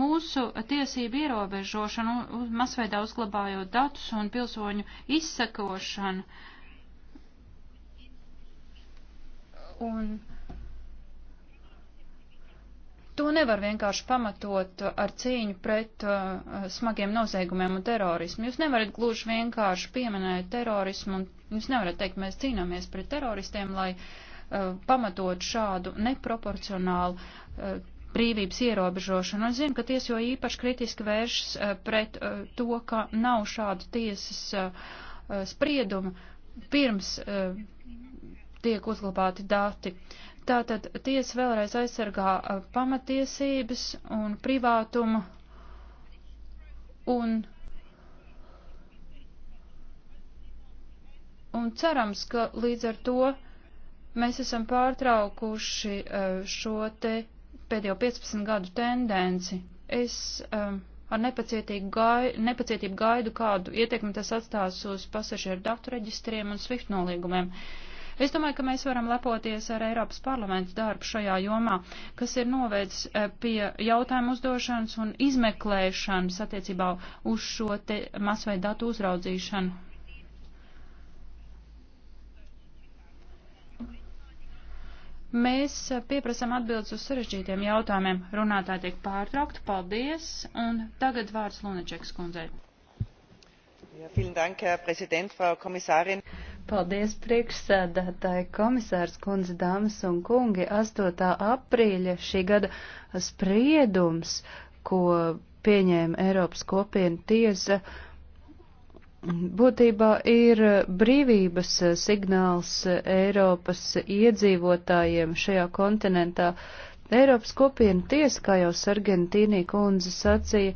Mūsu tiesību ierobežošana, masveidā uzglabājot datus un pilsoņu izsakošanu. Un To nevar vienkārši pamatot ar cīņu pret uh, smagiem noziegumiem un terorismu. Jūs nevarat gluži vienkārši pieminēt terorismu un jūs nevarat teikt, mēs cīnāmies pret teroristiem, lai uh, pamatot šādu neproporcionālu uh, brīvības ierobežošanu. Es zinu, ka tiesa jau īpaši kritiski vēršas eh, pret eh, to, ka nav šādu tiesas eh, spriedumu pirms tiek uzglabāti dati. Tātad tiesa vēlreiz aizsargā pamatiesības un privātumu un un cerams, ka līdz ar to mēs esam pārtraukuši šo te pēdējo 15 gadu tendenci. Es um, ar nepacietību gaidu, nepacietību gaidu, kādu ietekmi tas atstās uz pasažieru datu reģistriem un SWIFT nolīgumiem. Es domāju, ka mēs varam lepoties ar Eiropas parlamentu darbu šajā jomā, kas ir novēdz eh, pie jautājumu uzdošanas un izmeklēšanas attiecībā uz šo masveidu datu uzraudzīšanu Mēs pieprasām atbildes uz sarežģītiem jautājumiem. Runātā tiek pārtraukta. Paldies. Un tagad vārds Lunačeks kundzei. Ja, dank, Frau Paldies, priekšsēdētāji, komisārs kundze, dāmas un kungi. 8. aprīļa šī gada spriedums, ko pieņēma Eiropas kopiena tiesa, uh, būtībā ir brīvības signāls Eiropas iedzīvotājiem šajā kontinentā. Eiropas kopiena tiesa, kā jau Sargentīnī kundze sacīja,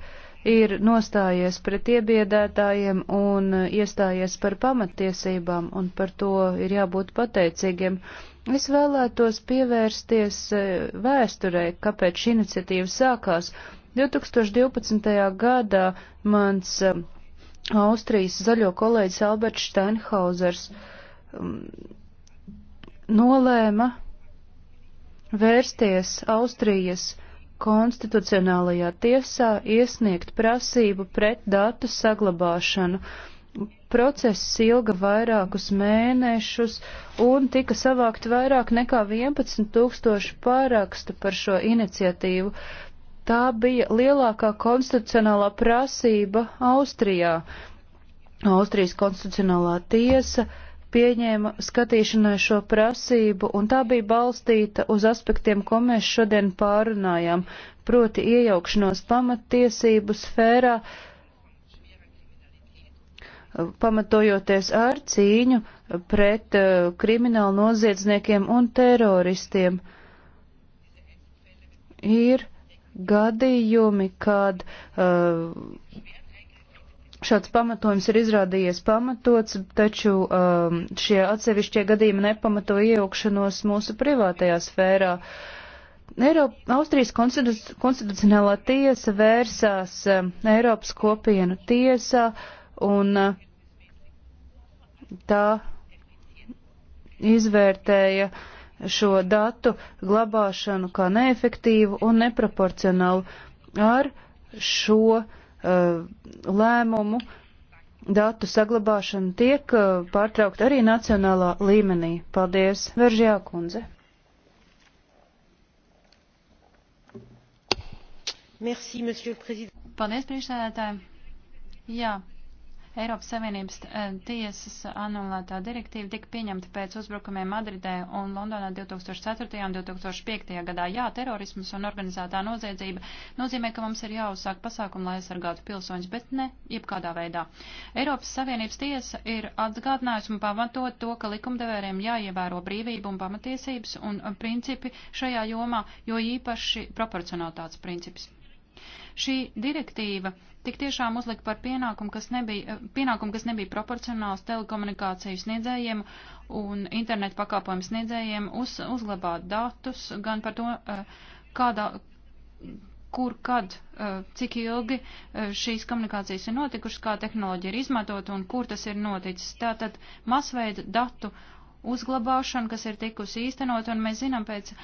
ir nostājies pret iebiedētājiem un iestājies par pamatiesībām, un par to ir jābūt pateicīgiem. Es vēlētos pievērsties e, vēsturē, kāpēc šī iniciatīva sākās. 2012. gadā mans e, Austrijas zaļo kolēģis Alberts Steinhausers um, nolēma vērsties Austrijas konstitucionālajā tiesā iesniegt prasību pret datu saglabāšanu. Process ilga vairākus mēnešus un tika savākt vairāk nekā 11 tūkstoši pārakstu par šo iniciatīvu. Uh, Tā bija lielākā konstitucionālā prasība Austrijā. Austrijas konstitucionālā tiesa pieņēma skatīšanai šo prasību, un tā bija balstīta uz aspektiem, ko mēs šodien pārunājām, proti iejaukšanos pamattiesību sfērā, pamatojoties ar cīņu pret uh, kriminālu noziedzniekiem un teroristiem. Ir gadījumi, kad uh, šāds pamatojums ir izrādījies pamatots, taču um, šie atsevišķie gadījumi nepamato iejaukšanos mūsu privātajā sfērā. Eiropa, Austrijas konstitu, konstitucionālā tiesa vērsās um, Eiropas kopienu tiesā un uh, tā izvērtēja uh, šo datu glabāšanu kā neefektīvu un neproporcionālu. Ar šo uh, lēmumu datu saglabāšana tiek uh, pārtraukt arī nacionālā līmenī. Paldies, Veržjā kundze. Merci, Paldies, priekšsēdētāji. Jā, Eiropas Savienības eh, tiesas anulētā direktīva tika pieņemta pēc uzbrukumiem Madridē un Londonā 2004. un 2005. gadā. Jā, terorisms un organizētā noziedzība nozīmē, ka mums ir jāuzsāk pasākumu, lai aizsargātu pilsoņus, bet ne jebkādā veidā. Eiropas Savienības tiesa ir atgādinājusi un pamatot to, ka likumdevējiem jāievēro brīvība un pamatiesības un principi šajā jomā, jo īpaši proporcionalitātes princips. Šī direktīva tik tiešām uzlika par pienākumu, kas nebija, eh, pienākumu, kas nebija proporcionāls telekomunikāciju sniedzējiem un internetu pakāpojumu sniedzējiem uz, uzglabāt datus gan par to, eh, kādā, kur, kad, eh, cik ilgi šīs komunikācijas ir notikušas, kā tehnoloģija ir izmantota un kur tas ir noticis. Tātad masveida datu uzglabāšana, kas ir tikusi īstenot, un mēs zinām pēc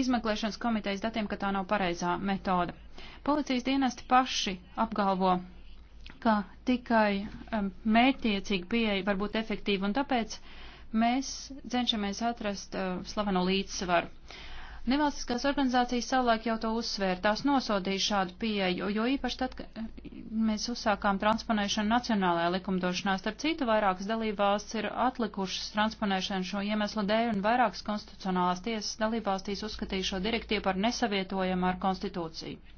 izmeklēšanas komitejas datiem, ka tā nav pareizā metoda. Policijas dienesti paši apgalvo, ka tikai um, mērķiecīga pieeja var būt efektīva, un tāpēc mēs cenšamies atrast uh, slaveno līdzsvaru. Nevalstiskās organizācijas savulaik jau to uzsvēra, tās nosodīja šādu pieeju, jo īpaši tad, kad mēs uzsākām transponēšanu nacionālajā likumdošanā, starp citu vairākas dalībvalsts ir atlikušas transponēšanu šo iemeslu dēļ un vairākas konstitucionālās tiesas dalībvalstīs uzskatīja šo direktīvu par nesavietojamu ar konstitūciju.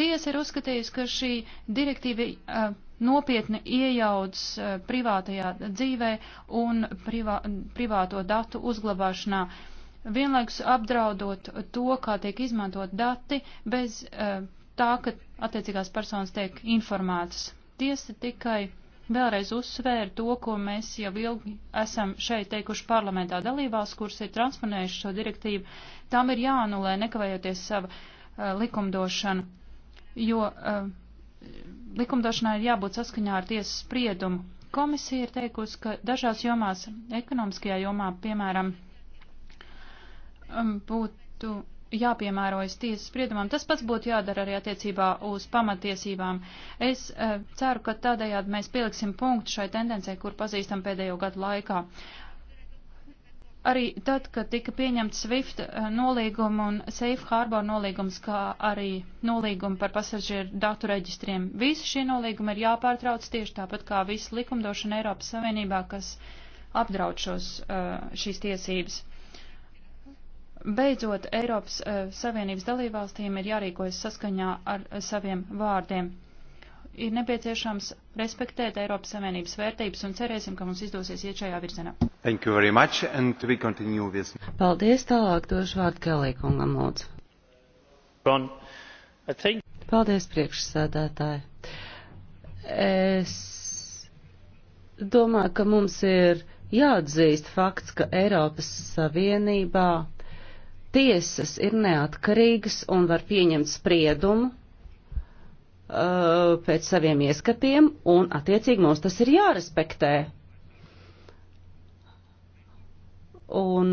Tiesa ir uzskatījusi, ka šī direktīva uh, nopietni iejauc uh, privātajā dzīvē un privā, privāto datu uzglabāšanā. Uh, vienlaikus apdraudot to, kā tiek izmantot dati, bez uh, tā, ka attiecīgās personas tiek informētas. Tiesa tikai vēlreiz uzsvēra to, ko mēs jau ilgi esam šeit teikuši parlamentā dalībās, kuras ir transponējuši šo direktīvu, tām ir jāanulē nekavējoties sava uh, likumdošana, jo uh, likumdošanai ir jābūt saskaņā ar tiesas spriedumu. Komisija ir teikusi, ka dažās jomās, ekonomiskajā jomā, piemēram, Um, būtu jāpiemērojas tiesas spriedumam. Tas pats būtu jādara arī attiecībā uz pamatiesībām. Es uh, ceru, ka tādējādi mēs pieliksim punktu šai tendencē, kur pazīstam pēdējo gadu laikā. Arī tad, kad tika pieņemts SWIFT uh, nolīguma un Safe Harbor nolīgums, kā arī nolīguma par pasažieru datu reģistriem, visi šie nolīgumi ir jāpārtrauc tieši tāpat kā visa likumdošana Eiropas Savienībā, kas apdraud šos, uh, šīs tiesības. Beidzot, Eiropas eh, Savienības dalībvalstīm ir jārīkojas saskaņā ar eh, saviem vārdiem. Ir nepieciešams respektēt Eiropas Savienības vērtības un cerēsim, ka mums izdosies iet šajā virzienā. With... Paldies, tālāk došu vārdu Kelīkungam lūdzu. Think... Paldies, priekšsēdētāji. Es domāju, ka mums ir jāatzīst fakts, ka Eiropas Savienībā tiesas ir neatkarīgas un var pieņemt spriedumu uh, pēc saviem ieskatiem, un attiecīgi mums tas ir jārespektē. Un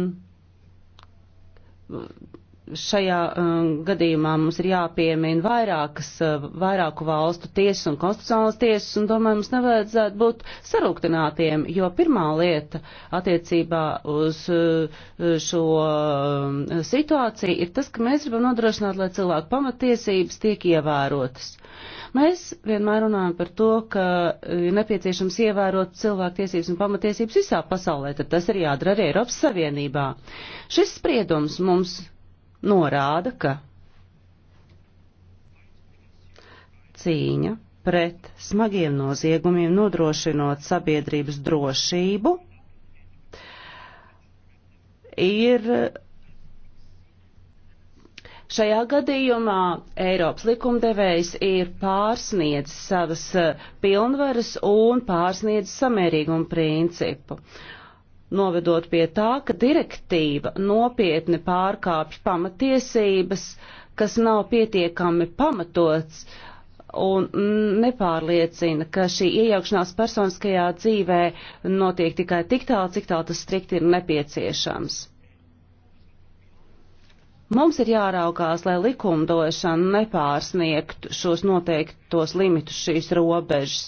šajā um, gadījumā mums ir jāpiemina vairākas, uh, vairāku valstu tiesas un konstitucionālas tiesas, un domāju, mums nevajadzētu būt sarūktinātiem, jo pirmā lieta attiecībā uz uh, šo uh, situāciju ir tas, ka mēs gribam nodrošināt, lai cilvēku pamatiesības tiek ievērotas. Mēs vienmēr runājam par to, ka ir nepieciešams ievērot cilvēktiesības un pamatiesības visā pasaulē, tad tas ir jādara arī Eiropas Savienībā. Šis spriedums mums norāda, ka cīņa pret smagiem noziegumiem nodrošinot sabiedrības drošību ir Šajā gadījumā Eiropas likumdevējs ir pārsniedzis savas pilnvaras un pārsniedzis samērīgumu principu. Uh, novedot pie tā, ka direktīva nopietni pārkāpj pamatiesības, kas nav pietiekami pamatots un nepārliecina, ka šī iejaukšanās personiskajā dzīvē notiek tikai tik tālu, cik tālu tas strikt ir nepieciešams. Mums ir jāraukās, lai likumdošana nepārsniegtu šos noteiktos limitus, šīs robežas,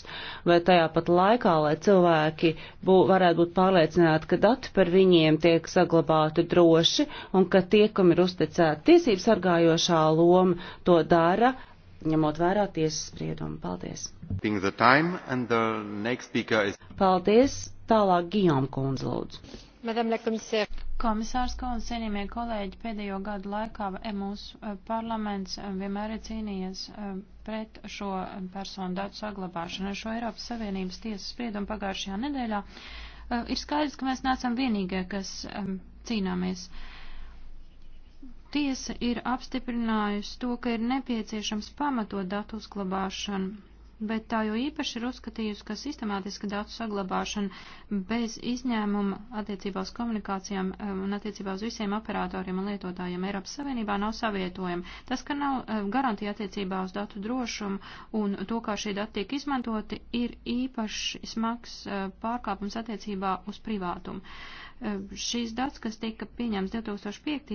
vai tajā pat laikā, lai cilvēki bū, varētu būt pārliecināti, ka dati par viņiem tiek saglabāti droši un ka tie, kam ir uzticēta tiesības sargājošā loma, to dara, ņemot vērā tiesas spriedumu. Paldies! Time, is... Paldies! Tālāk Gijom Kunz lūdzu. Madame la komisāra. Komisārs Kolins, cienījamie kolēģi, pēdējo gadu laikā mūsu eh, parlaments eh, vienmēr ir cīnījies eh, pret šo personu datu saglabāšanu. Ar šo Eiropas Savienības tiesas spriedumu pagājušajā nedēļā ir skaidrs, ka mēs neesam vienīgie, kas cīnāmies. Tiesa ir apstiprinājusi to, ka ir nepieciešams pamatot datu uzglabāšanu bet tā jau īpaši ir uzskatījusi, ka sistemātiska datu saglabāšana bez izņēmuma attiecībā uz komunikācijām um, un attiecībā uz visiem operatoriem un lietotājiem Eiropas Savienībā nav savietojama. Tas, ka nav um, garantija attiecībā uz datu drošumu un to, kā šie dati tiek izmantoti, ir īpaši smags uh, pārkāpums attiecībā uz privātumu. Um, Šīs dats, kas tika pieņemts 2005.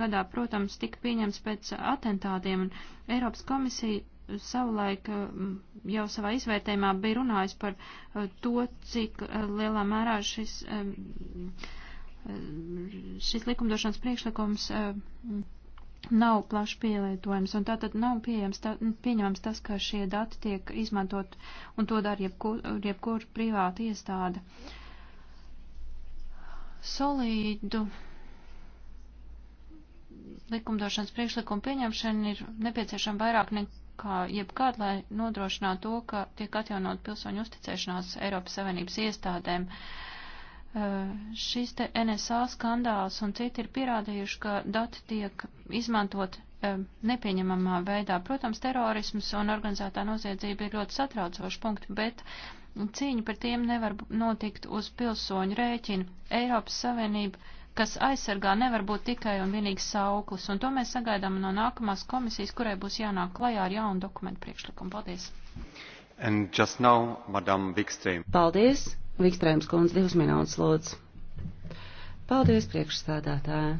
gadā, protams, tika pieņemts pēc atentātiem, un Eiropas komisija savulaik mm, jau savā izvērtējumā bija runājis par eh, to, cik eh, lielā mērā šis, mm, eh, šis likumdošanas priekšlikums nav plaši pielietojams, un tātad nav pieejams, tā, pieņemams tas, ka šie dati tiek izmantot, un to dara jebkur, jebkur privāta iestāde. Solīdu likumdošanas priekšlikumu pieņemšana ir nepieciešama vairāk nekā kā jebkārt, lai nodrošinātu to, ka tiek atjaunot pilsoņu uzticēšanās Eiropas Savienības iestādēm. Uh, šis te NSA skandāls un citi ir pierādījuši, ka dati tiek izmantot uh, nepieņemamā veidā. Protams, terorisms un organizētā noziedzība ir ļoti satraucoši punkti, bet cīņa par tiem nevar notikt uz pilsoņu rēķinu. Eiropas Savienība kas aizsargā nevar būt tikai un vienīgi sauklis, un to mēs sagaidām no nākamās komisijas, kurai būs jānāk klajā ar jaunu dokumentu priekšlikumu. Paldies! And just now, Madam Vikstrēm. Paldies! Vikstrēms kundze, divas minūtes lūdzu. Paldies, priekšstādātāji!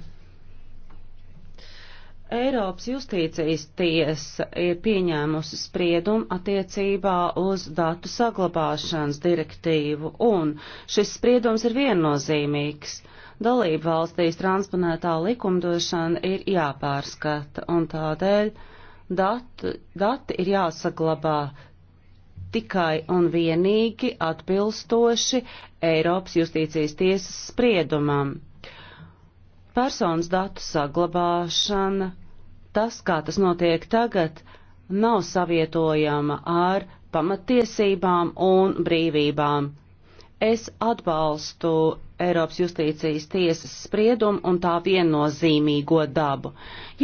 Eiropas justīcijas tiesa ir pieņēmusi spriedumu attiecībā uz datu saglabāšanas direktīvu, un šis spriedums ir viennozīmīgs. Uh, dalību valstīs transponētā likumdošana ir jāpārskata, un tādēļ dati, dati ir jāsaglabā tikai un vienīgi atbilstoši Eiropas justīcijas tiesas spriedumam. Personas datu saglabāšana, tas, kā tas notiek tagad, nav savietojama ar pamatiesībām un brīvībām, Es atbalstu Eiropas justīcijas tiesas spriedumu un tā viennozīmīgo dabu.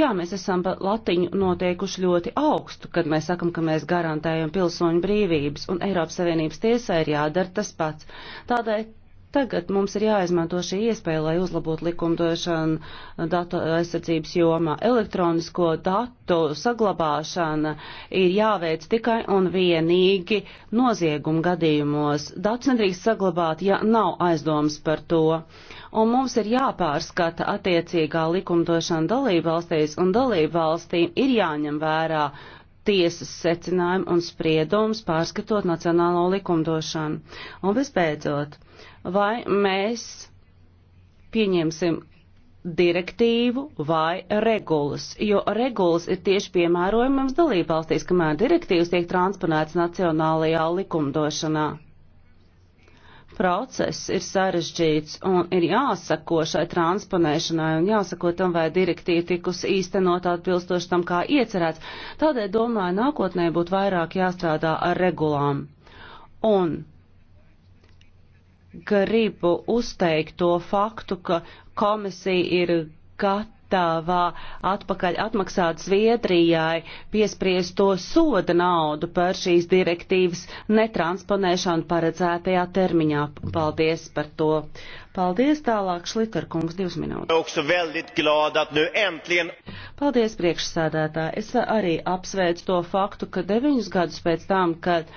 Jā, mēs esam latiņu noteikuši ļoti augstu, kad mēs sakam, ka mēs garantējam pilsoņu brīvības, un Eiropas Savienības tiesai ir jādara tas pats. Tādēļ Tagad mums ir jāizmanto šī iespēja, lai uzlabotu likumdošanu datu aizsardzības jomā. Elektronisko datu saglabāšana ir jāveic tikai un vienīgi noziegumu gadījumos. Datus nedrīkst saglabāt, ja nav aizdomas par to. Un mums ir jāpārskata attiecīgā likumdošana dalībvalstīs, un dalībvalstīm ir jāņem vērā tiesas secinājumu un spriedumus, pārskatot nacionālo likumdošanu. Un visbeidzot, vai mēs pieņemsim direktīvu vai regulas, jo regulas ir tieši piemērojumams dalībvalstīs, kamēr direktīvas tiek transponētas nacionālajā likumdošanā. Process ir sarežģīts un ir jāsako šai transponēšanai un jāsako tam, vai direktīva tikus īstenot atbilstoši tam, kā iecerēts. Tādēļ domāju, nākotnē būtu vairāk jāstrādā ar regulām. Un gribu uzteikt to faktu, ka komisija ir gatava piedāvā atpakaļ atmaksāt Zviedrijai piespriesto soda naudu par šīs direktīvas netransponēšanu paredzētajā termiņā. Paldies par to. Paldies tālāk, Šliterkungs, divas minūtes. Nu Paldies priekšsēdētā. Es arī apsveicu to faktu, ka deviņus gadus pēc tam, kad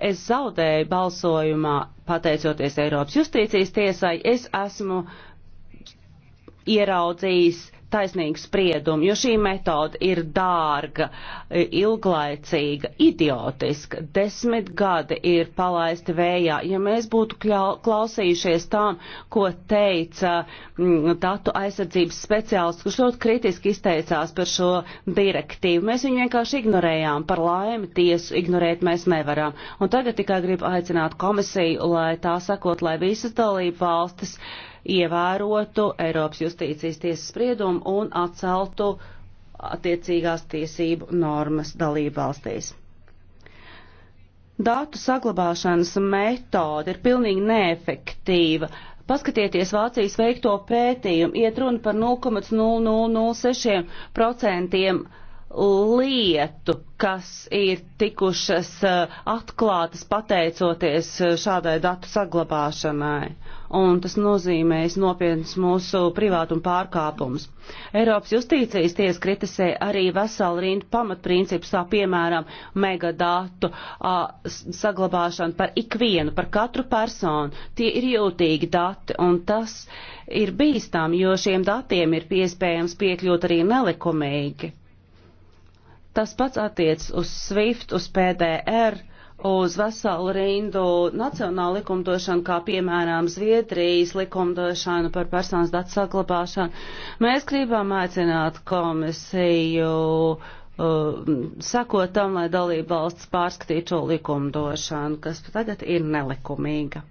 es zaudēju balsojumā, pateicoties Eiropas justīcijas tiesai, es esmu ieraudzījis taisnīgu spriedumu, jo šī metode ir dārga, ilglaicīga, idiotiska. Desmit gadi ir palaisti vējā. Ja mēs būtu klausījušies tām, ko teica mm, datu aizsardzības speciālists, kurš ļoti kritiski izteicās par šo direktīvu, mēs viņu vienkārši ignorējām. Par laimi tiesu ignorēt mēs nevaram. Un tagad tikai gribu aicināt komisiju, lai tā sakot, lai visas dalību valstis ievērotu Eiropas justīcijas tiesas spriedumu un atceltu attiecīgās tiesību normas dalībvalstīs. Datu saglabāšanas metode ir pilnīgi neefektīva. Paskatieties Vācijas veikto pētījumu, iet runa par 0,0006% lietu, kas ir tikušas eh, atklātas pateicoties eh, šādai datu saglabāšanai. Un tas nozīmēs nopietnas mūsu privātuma pārkāpums. Eiropas justīcijas tiesa kritisē arī veselu rindu pamatprincipus, tā piemēram, megadatu a, saglabāšanu par ikvienu, par katru personu. Tie ir jūtīgi dati, un tas ir bīstami, jo šiem datiem ir iespējams piekļūt arī nelikumīgi. Tas pats attiec uz SWIFT, uz PDR, uz veselu rindu nacionālu likumdošanu, kā piemēram Zviedrijas likumdošanu par personas datu saglabāšanu. Mēs gribam aicināt komisiju uh, um, sakot tam, lai dalība valsts pārskatītu šo likumdošanu, kas tagad ir nelikumīga.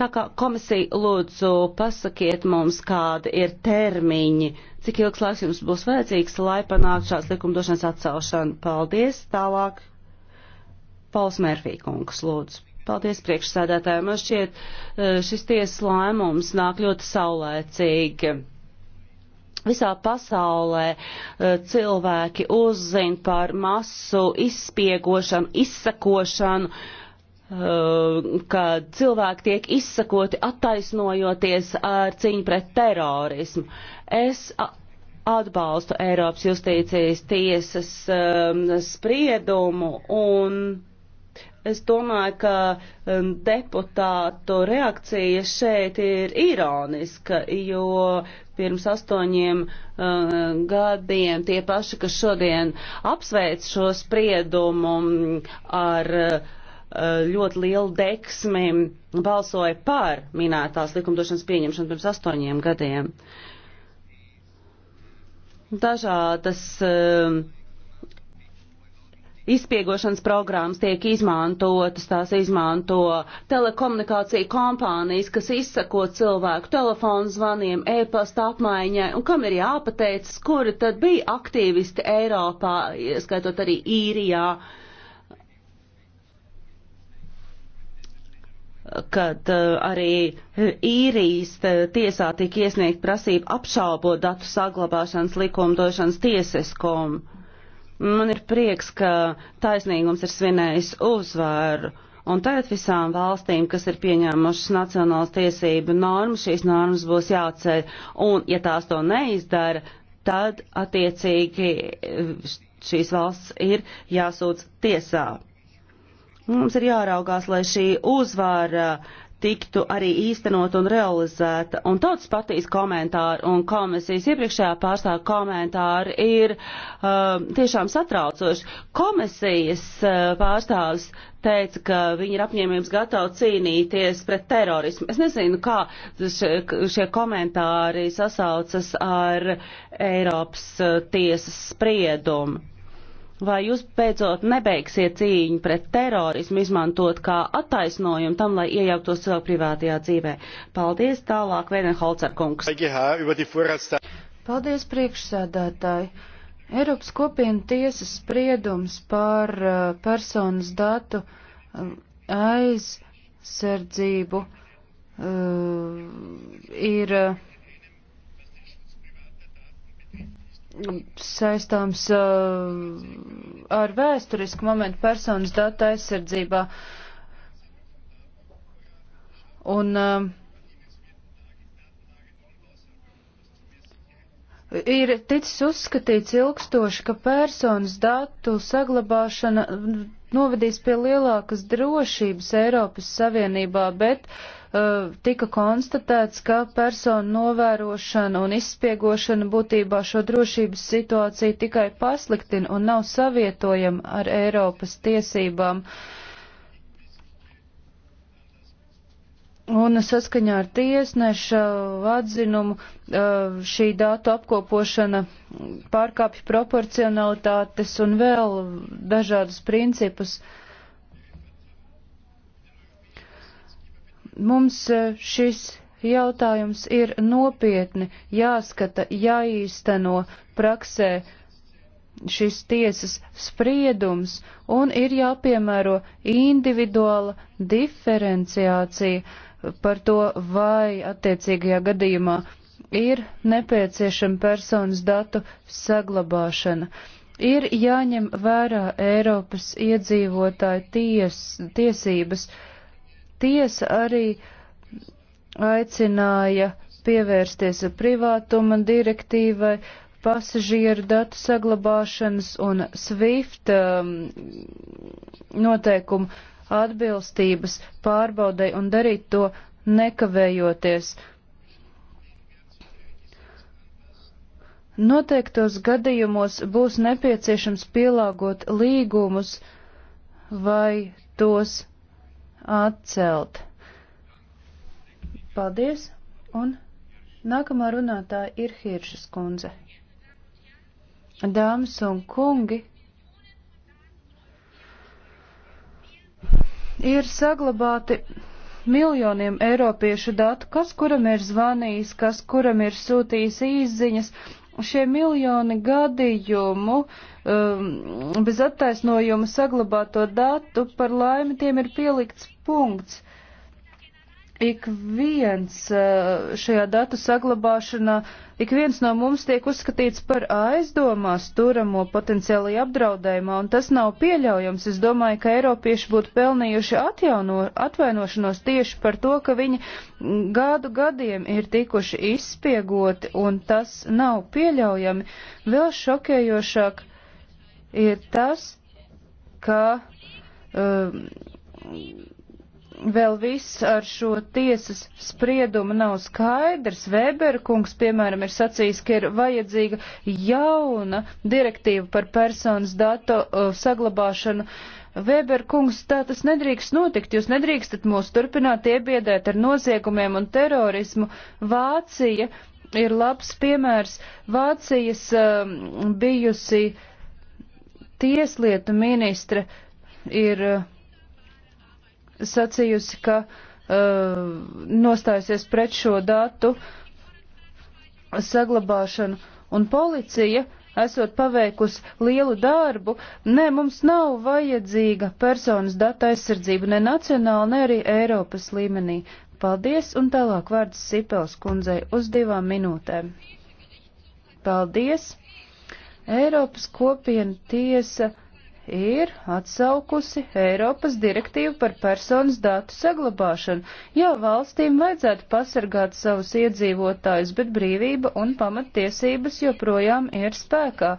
Tā kā komisija lūdzu pasakiet mums, kāda ir termiņi, cik ilgs laiks jums būs vajadzīgs, lai panāktu šāds likumdošanas atcelšanu. Paldies. Tālāk Pauls Mērfīkungs lūdzu. Paldies priekšsēdētāji. Man šķiet, eh, šis tiesas lēmums nāk ļoti saulēcīgi. Visā pasaulē eh, cilvēki uzzina par masu izspiegošanu, izsakošanu kad cilvēki tiek izsakoti attaisnojoties ar cīņu pret terorismu. Es atbalstu Eiropas justīcijas tiesas um, spriedumu un es domāju, ka um, deputātu reakcija šeit ir ironiska, jo pirms astoņiem uh, gadiem tie paši, kas šodien apsveic šo spriedumu ar uh, Eh, ļoti lielu deksmi balsoja par minētās likumdošanas pieņemšanu pirms astoņiem gadiem. Dažādas uh, izspiegošanas programmas tiek izmantotas, tās izmanto telekomunikāciju kompānijas, kas izsako cilvēku telefonu zvaniem, e-pasta apmaiņai, un kam ir jāpateicas, kuri tad bija aktīvisti Eiropā, ieskaitot arī īrijā. Uh, kad eh, arī īrijas eh, tiesā tika iesniegt prasība apšaubot datu saglabāšanas likumdošanas tiesiskumu. Man ir prieks, ka taisnīgums ir svinējis uzvaru. Un tagad visām valstīm, kas ir pieņēmušas nacionālas tiesību normas, šīs normas būs jāceļ. Un, ja tās to neizdara, tad attiecīgi eh, šīs valsts ir jāsūdz tiesā. Mums ir jāraugās, lai šī uzvara tiktu arī īstenot un realizēta. Un tautas patīs komentāri un komisijas iepriekšējā pārstāvja komentāri ir uh, tiešām satraucoši. Komisijas uh, pārstāvs teica, ka viņi ir apņēmības gatavi cīnīties pret terorismu. Es nezinu, kā šie, šie komentāri sasaucas ar Eiropas uh, tiesas spriedumu. Vai jūs beidzot nebeigsiet cīņu pret terorismu izmantot kā attaisnojumu tam, lai iejauktos cilvēku privātajā dzīvē? Paldies tālāk, Vēdenholcer kungs. Paldies priekšsēdētāji. Eiropas kopiena tiesas spriedums par uh, personas datu uh, aizsardzību uh, ir saistāms uh, ar vēsturisku momentu personas data aizsardzībā. Un uh, Ir ticis uzskatīts ilgstoši, ka personas datu saglabāšana novedīs pie lielākas drošības Eiropas Savienībā, bet uh, tika konstatēts, ka personu novērošana un izspiegošana būtībā šo drošības situāciju tikai pasliktina un nav savietojama ar Eiropas tiesībām. Uh, Un saskaņā ar tiesneša atzinumu šī datu apkopošana pārkāpja proporcionalitātes un vēl dažādus principus. Mums šis jautājums ir nopietni jāskata, jāīsteno praksē šis tiesas spriedums un ir jāpiemēro individuāla diferenciācija par to, vai attiecīgajā gadījumā ir nepieciešama personas datu saglabāšana. Ir jāņem vērā Eiropas iedzīvotāju ties, tiesības. Tiesa arī aicināja pievērsties privātuma direktīvai, pasažieru datu saglabāšanas un SWIFT um, noteikumu atbilstības pārbaudai un darīt to nekavējoties. Noteiktos gadījumos būs nepieciešams pielāgot līgumus vai tos atcelt. Paldies, un nākamā runātāja ir Hiršas kundze. Dāmas un kungi! ir saglabāti miljoniem eiropiešu datu, kas kuram ir zvanījis, kas kuram ir sūtījis īziņas. Šie miljoni gadījumu um, bez attaisnojuma saglabāto datu par laimi tiem ir pielikts punkts. Uh, ik viens eh, šajā datu saglabāšanā, ik viens no mums tiek uzskatīts par aizdomās turamo potenciāli apdraudējumā, un tas nav pieļaujams. Es domāju, ka Eiropieši būtu pelnījuši atjauno, atvainošanos tieši par to, ka viņi gadu gadiem ir tikuši izspiegoti, un tas nav pieļaujami. Vēl šokējošāk ir tas, ka. Um, vēl viss ar šo tiesas spriedumu nav skaidrs. Weberkungs, piemēram, ir sacījis, ka ir vajadzīga jauna direktīva par personas datu uh, saglabāšanu. Weberkungs, tā tas nedrīkst notikt. Jūs nedrīkstat mūs turpināt iebiedēt ar noziegumiem un terorismu. Vācija ir labs piemērs. Vācijas uh, bijusi tieslietu ministre ir. Uh, sacījusi, ka uh, nostājusies pret šo datu saglabāšanu, un policija, esot paveikusi lielu darbu, nē, mums nav vajadzīga personas data aizsardzība ne nacionāla, ne arī Eiropas līmenī. Paldies, un tālāk vārds Sipels kundzei uz divām minūtēm. Paldies! Eiropas kopiena tiesa ir atsaukusi Eiropas direktīvu par personas datu saglabāšanu. Jā, valstīm vajadzētu pasargāt savus iedzīvotājus, bet brīvība un pamattiesības joprojām ir spēkā.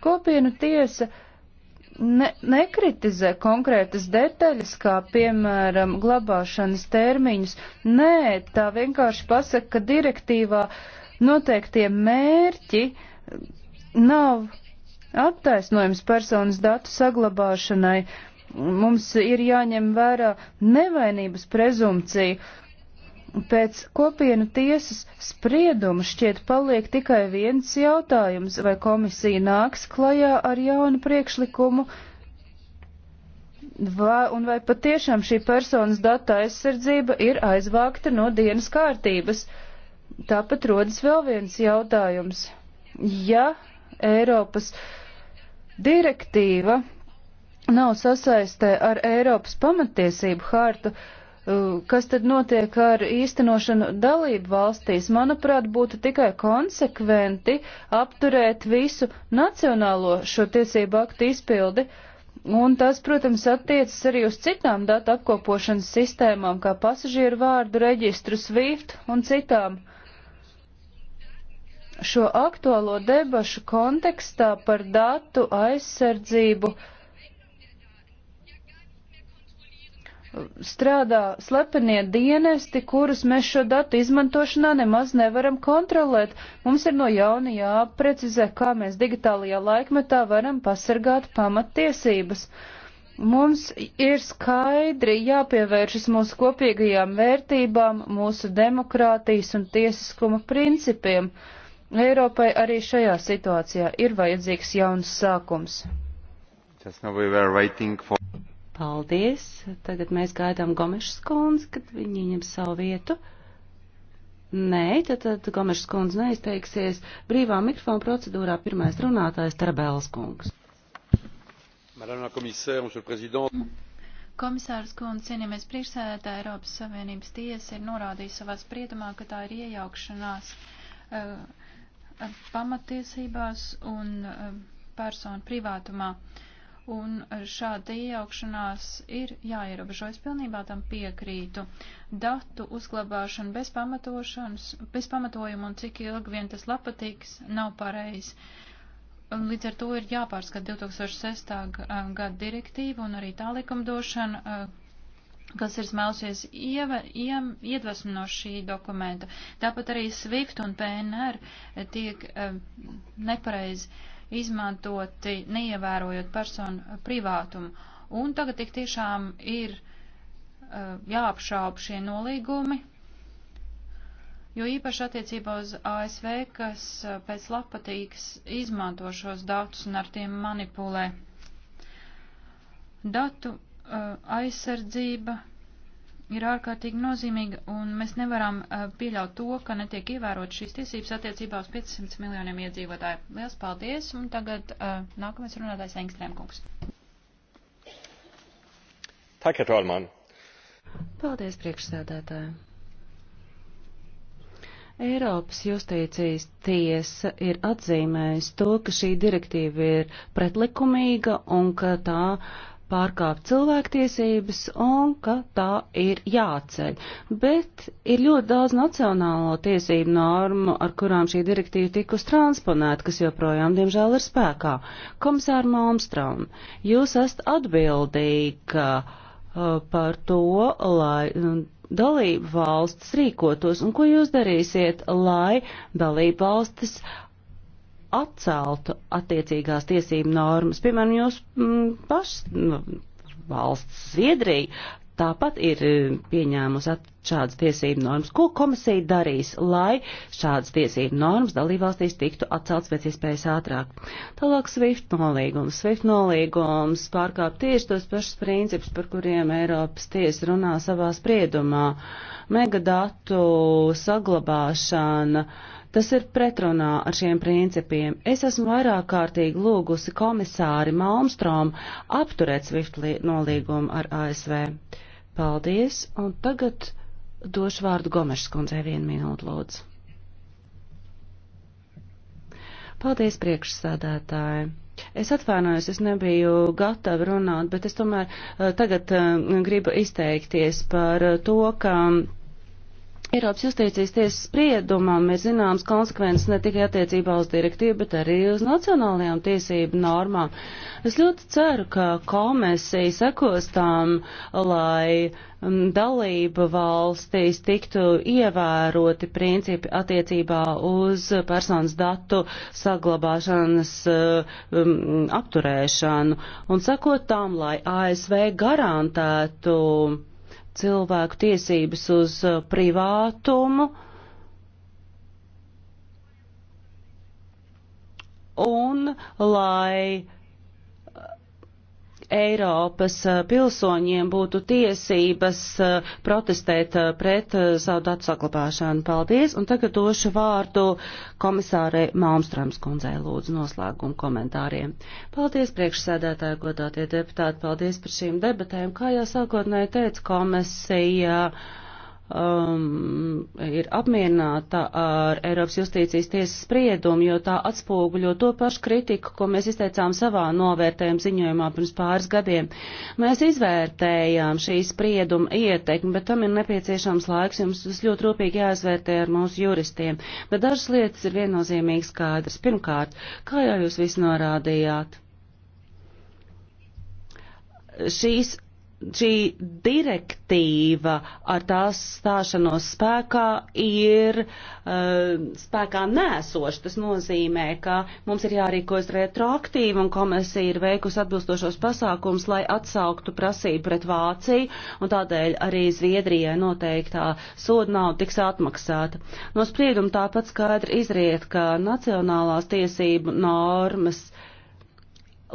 Kopienu tiesa ne, nekritizē konkrētas detaļas, kā piemēram glabāšanas termiņus. Nē, tā vienkārši pasaka, ka direktīvā noteiktie mērķi nav attaisnojums personas datu saglabāšanai. Mums ir jāņem vērā nevainības prezumcija. Pēc kopienu tiesas sprieduma šķiet paliek tikai viens jautājums, vai komisija nāks klajā ar jaunu priekšlikumu, vai, un vai patiešām šī personas data aizsardzība ir aizvākta no dienas kārtības. Tāpat rodas vēl viens jautājums. Ja Eiropas uh, Direktīva nav sasaistē ar Eiropas pamatiesību hartu, kas tad notiek ar īstenošanu dalību valstīs, manuprāt, būtu tikai konsekventi apturēt visu nacionālo šo tiesību aktu izpildi. Un tas, protams, attiecas arī uz citām datu apkopošanas sistēmām, kā pasažieru vārdu reģistru, SWIFT un citām. Uh, Šo aktuālo debašu kontekstā par datu aizsardzību strādā slepenie dienesti, kurus mēs šo datu izmantošanā nemaz nevaram kontrolēt. Mums ir no jauna jāprecizē, kā mēs digitālajā laikmetā varam pasargāt pamattiesības. Mums ir skaidri jāpievēršas mūsu kopīgajām vērtībām, mūsu demokrātijas un tiesiskuma principiem. Eiropai arī šajā situācijā ir vajadzīgs jauns sākums. For... Paldies. Tagad mēs gaidām Gomešas kundzi, kad viņi ieņem savu vietu. Nē, tad, tad Gomešas kundze neizteiksies. Brīvā mikrofona procedūrā pirmais runātājs Tarabēls kungs. Madame la commissaire, monsieur le président. Komisārs Kunds, cienījamies priekšsēdētāja Eiropas Savienības tiesa ir norādījusi savā spriedumā, ka tā ir iejaukšanās uh, pamatiesībās un eh, personu privātumā. Un eh, šāda iejaukšanās ir jāierobežo. Es pilnībā tam piekrītu. Datu uzglabāšana bez pamatošanas, bez pamatojuma un cik ilgi vien tas lapatīgs, nav pareizi. Līdz ar to ir jāpārskata 2006. Eh, gada direktīva un arī tā likumdošana, kas ir smelsies ieva, ie, iedvesmu no šī dokumenta. Tāpat arī SWIFT un PNR tiek uh, eh, nepareizi izmantoti, neievērojot personu privātumu. Un tagad tik tiešām ir uh, jāapšauba šie nolīgumi, jo īpaši attiecībā uz ASV, kas eh, pēc labpatīgas izmanto šos datus un ar tiem manipulē. Datu aizsardzība ir ārkārtīgi nozīmīga, un mēs nevaram pieļaut to, ka netiek ievērot šīs tiesības attiecībā uz 500 miljoniem iedzīvotāju. Lielas paldies, un tagad nākamais runātājs Engstrēm kungs. Tak, Herr Talman. Paldies, priekšsēdētāji. Eiropas justīcijas tiesa ir atzīmējusi to, ka šī direktīva ir pretlikumīga un ka tā pārkāpt cilvēktiesības un ka tā ir jāceļ. Bet ir ļoti daudz nacionālo tiesību normu, ar kurām šī direktīva tikus transponēta, kas joprojām, diemžēl, ir spēkā. Komisāra Malmstrom, jūs esat atbildīga uh, par to, lai um, dalību valstis rīkotos, un ko jūs darīsiet, lai dalību valstis atceltu attiecīgās tiesību normas. Piemēram, jūs m, mm, pašs m, nu, valsts Zviedrija tāpat ir mm, pieņēmusi šādas tiesību normas. Ko komisija darīs, lai šādas tiesību normas dalībvalstīs tiktu atcelts pēc iespējas ātrāk? Tālāk SWIFT nolīgums. SWIFT nolīgums pārkāp tieši tos pašus principus, par kuriem Eiropas tiesa runā savā spriedumā. Megadatu saglabāšana. Uh, Tas ir pretrunā ar šiem principiem. Es esmu vairāk kārtīgi lūgusi komisāri Malmstrom apturēt SWIFT nolīgumu ar ASV. Paldies, un tagad došu vārdu Gomešas kundzei vienu minūtu lūdzu. Paldies, priekšsādātāji. Es atvainojos, es nebiju gatava runāt, bet es tomēr eh, tagad eh, gribu izteikties par eh, to, ka Eiropas justīcijas tiesas spriedumam ir zināms konsekvences ne tikai attiecībā uz direktīvu, bet arī uz nacionālajām tiesību normām. Es ļoti ceru, ka komisija sekos tām, lai mm, dalība valstīs tiktu ievēroti principi attiecībā uz personas datu saglabāšanas um, apturēšanu un sekot tām, lai ASV garantētu cilvēku tiesības uz uh, privātumu un lai Eiropas eh, pilsoņiem būtu tiesības eh, protestēt eh, pret savu datu saklabāšanu. Paldies, un tagad došu vārdu komisārai Malmstrāms kundzei lūdzu noslēgumu komentāriem. Paldies, priekšsēdētāji, godātie deputāti, paldies par šīm debatēm. Kā jau sākotnēji teica komisija, uh, um, ir apmierināta ar Eiropas justīcijas tiesas spriedumu, jo tā atspoguļo to pašu kritiku, ko mēs izteicām savā novērtējuma ziņojumā pirms pāris gadiem. Mēs izvērtējām šī sprieduma ietekmi, bet tam ir nepieciešams laiks, jums tas ļoti rūpīgi jāizvērtē ar mūsu juristiem. Bet dažas lietas ir viennozīmīgi skaidrs. Pirmkārt, kā jau jūs visi norādījāt? Šīs šī direktīva ar tās stāšanos spēkā ir uh, spēkā nēsoša. Tas nozīmē, ka mums ir jārīkojas retroaktīvi un komisija ir veikusi atbilstošos pasākums, lai atsauktu prasību pret Vāciju un tādēļ arī Zviedrijai noteiktā soda nav tiks atmaksāta. No sprieduma tāpat skaidri izriet, ka nacionālās tiesību normas uh,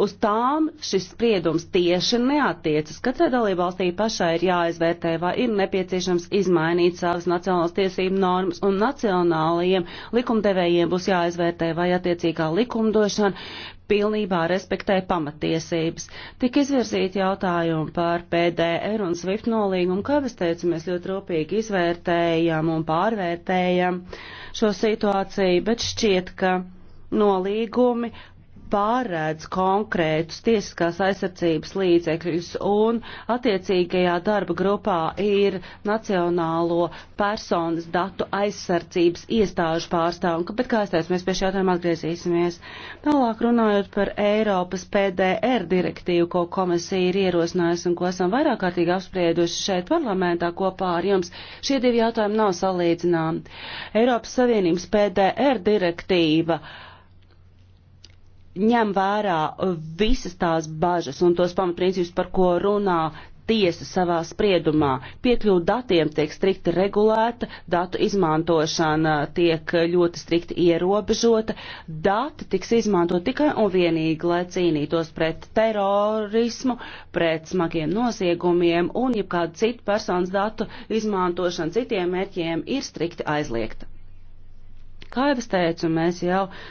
uz tām šis spriedums tieši neatiecas. Katrai dalībvalstī pašai ir jāizvērtē, vai ir nepieciešams izmainīt savas nacionālas tiesību normas, un nacionālajiem likumdevējiem būs jāizvērtē, vai attiecīgā likumdošana pilnībā respektē pamatiesības. Tik izvirzīti jautājumi par PDR un SWIFT nolīgumu, kā es teicu, mēs ļoti rūpīgi izvērtējam un pārvērtējam šo situāciju, bet šķiet, ka nolīgumi pārēdz konkrētus tiesiskās aizsardzības līdzekļus un attiecīgajā darba grupā ir Nacionālo personas datu aizsardzības iestāžu pārstāvju, bet kā es teicu, mēs pie šī jautājuma atgriezīsimies. Tālāk runājot par Eiropas PDR direktīvu, ko komisija ir ierosinājusi un ko esam vairāk kārtīgi apsprieduši šeit parlamentā kopā ar jums, šie divi jautājumi nav salīdzināmi. Eiropas Savienības PDR direktīva uh, ņem vērā visas tās bažas un tos pamatprincipus, par ko runā tiesa savā spriedumā. Piekļūt datiem tiek strikti regulēta, datu izmantošana tiek ļoti strikti ierobežota, dati tiks izmantot tikai un vienīgi, lai cīnītos pret terorismu, pret smagiem noziegumiem un jebkādu citu personas datu izmantošanu citiem mērķiem ir strikti aizliegta. Kā jau es teicu, mēs jau uh,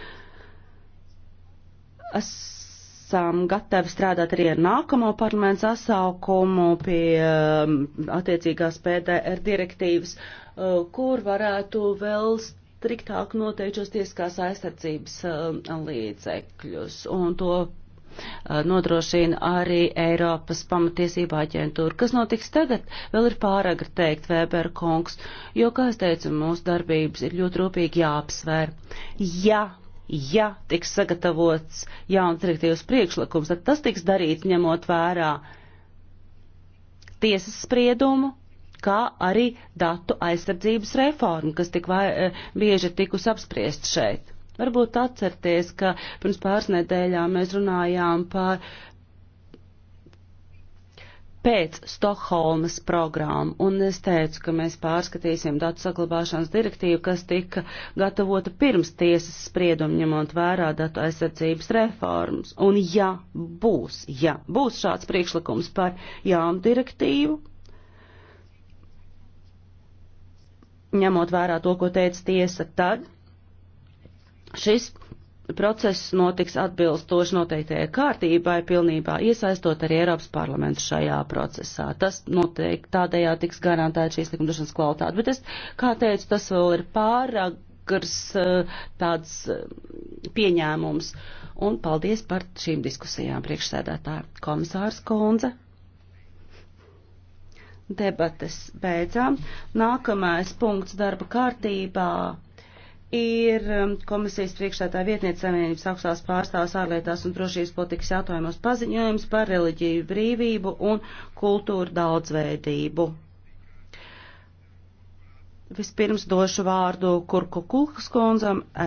esam gatavi strādāt arī ar nākamo parlamentu sasaukumu pie um, attiecīgās PDR direktīvas, uh, kur varētu vēl striktāk noteikt šos tieskās aizsardzības um, līdzekļus. Un to uh, nodrošina arī Eiropas pamatiesība aģentūra. Kas notiks tagad, vēl ir pāragri teikt Vēber kungs, jo, kā es teicu, mūsu darbības ir ļoti rūpīgi jāapsver. Ja ja tiks sagatavots jauns direktīvas priekšlikums, tad tas tiks darīts ņemot vērā tiesas spriedumu, kā arī datu aizsardzības reformu, kas tik vai, eh, bieži tikus apspriest šeit. Varbūt atcerties, ka pirms pāris nedēļām mēs runājām par pēc Stokholmas programmu, un es teicu, ka mēs pārskatīsim datu saglabāšanas direktīvu, kas tika gatavota pirms tiesas spriedumu ņemot vērā datu aizsardzības reformas. Un ja būs, ja būs šāds priekšlikums par jaunu direktīvu, ņemot vērā to, ko teica tiesa, tad šis process notiks atbilstoši noteiktajai kārtībai, pilnībā iesaistot arī Eiropas parlamentu šajā procesā. Tas noteikti tādējā tiks garantēta šīs likumdošanas kvalitāte. Bet es, kā teicu, tas vēl ir pāragars eh, tāds eh, pieņēmums. Un paldies par šīm diskusijām, priekšsēdētāji. Komisārs Konze. Debates beidzām. Nākamais punkts darba kārtībā ir um, komisijas priekšstādā vietniece Savienības augstās pārstāvs ārlietās un drošības politikas jautājumos paziņojums par reliģiju brīvību un kultūru daudzveidību. Vispirms došu vārdu Kurku Kulkas kundzam.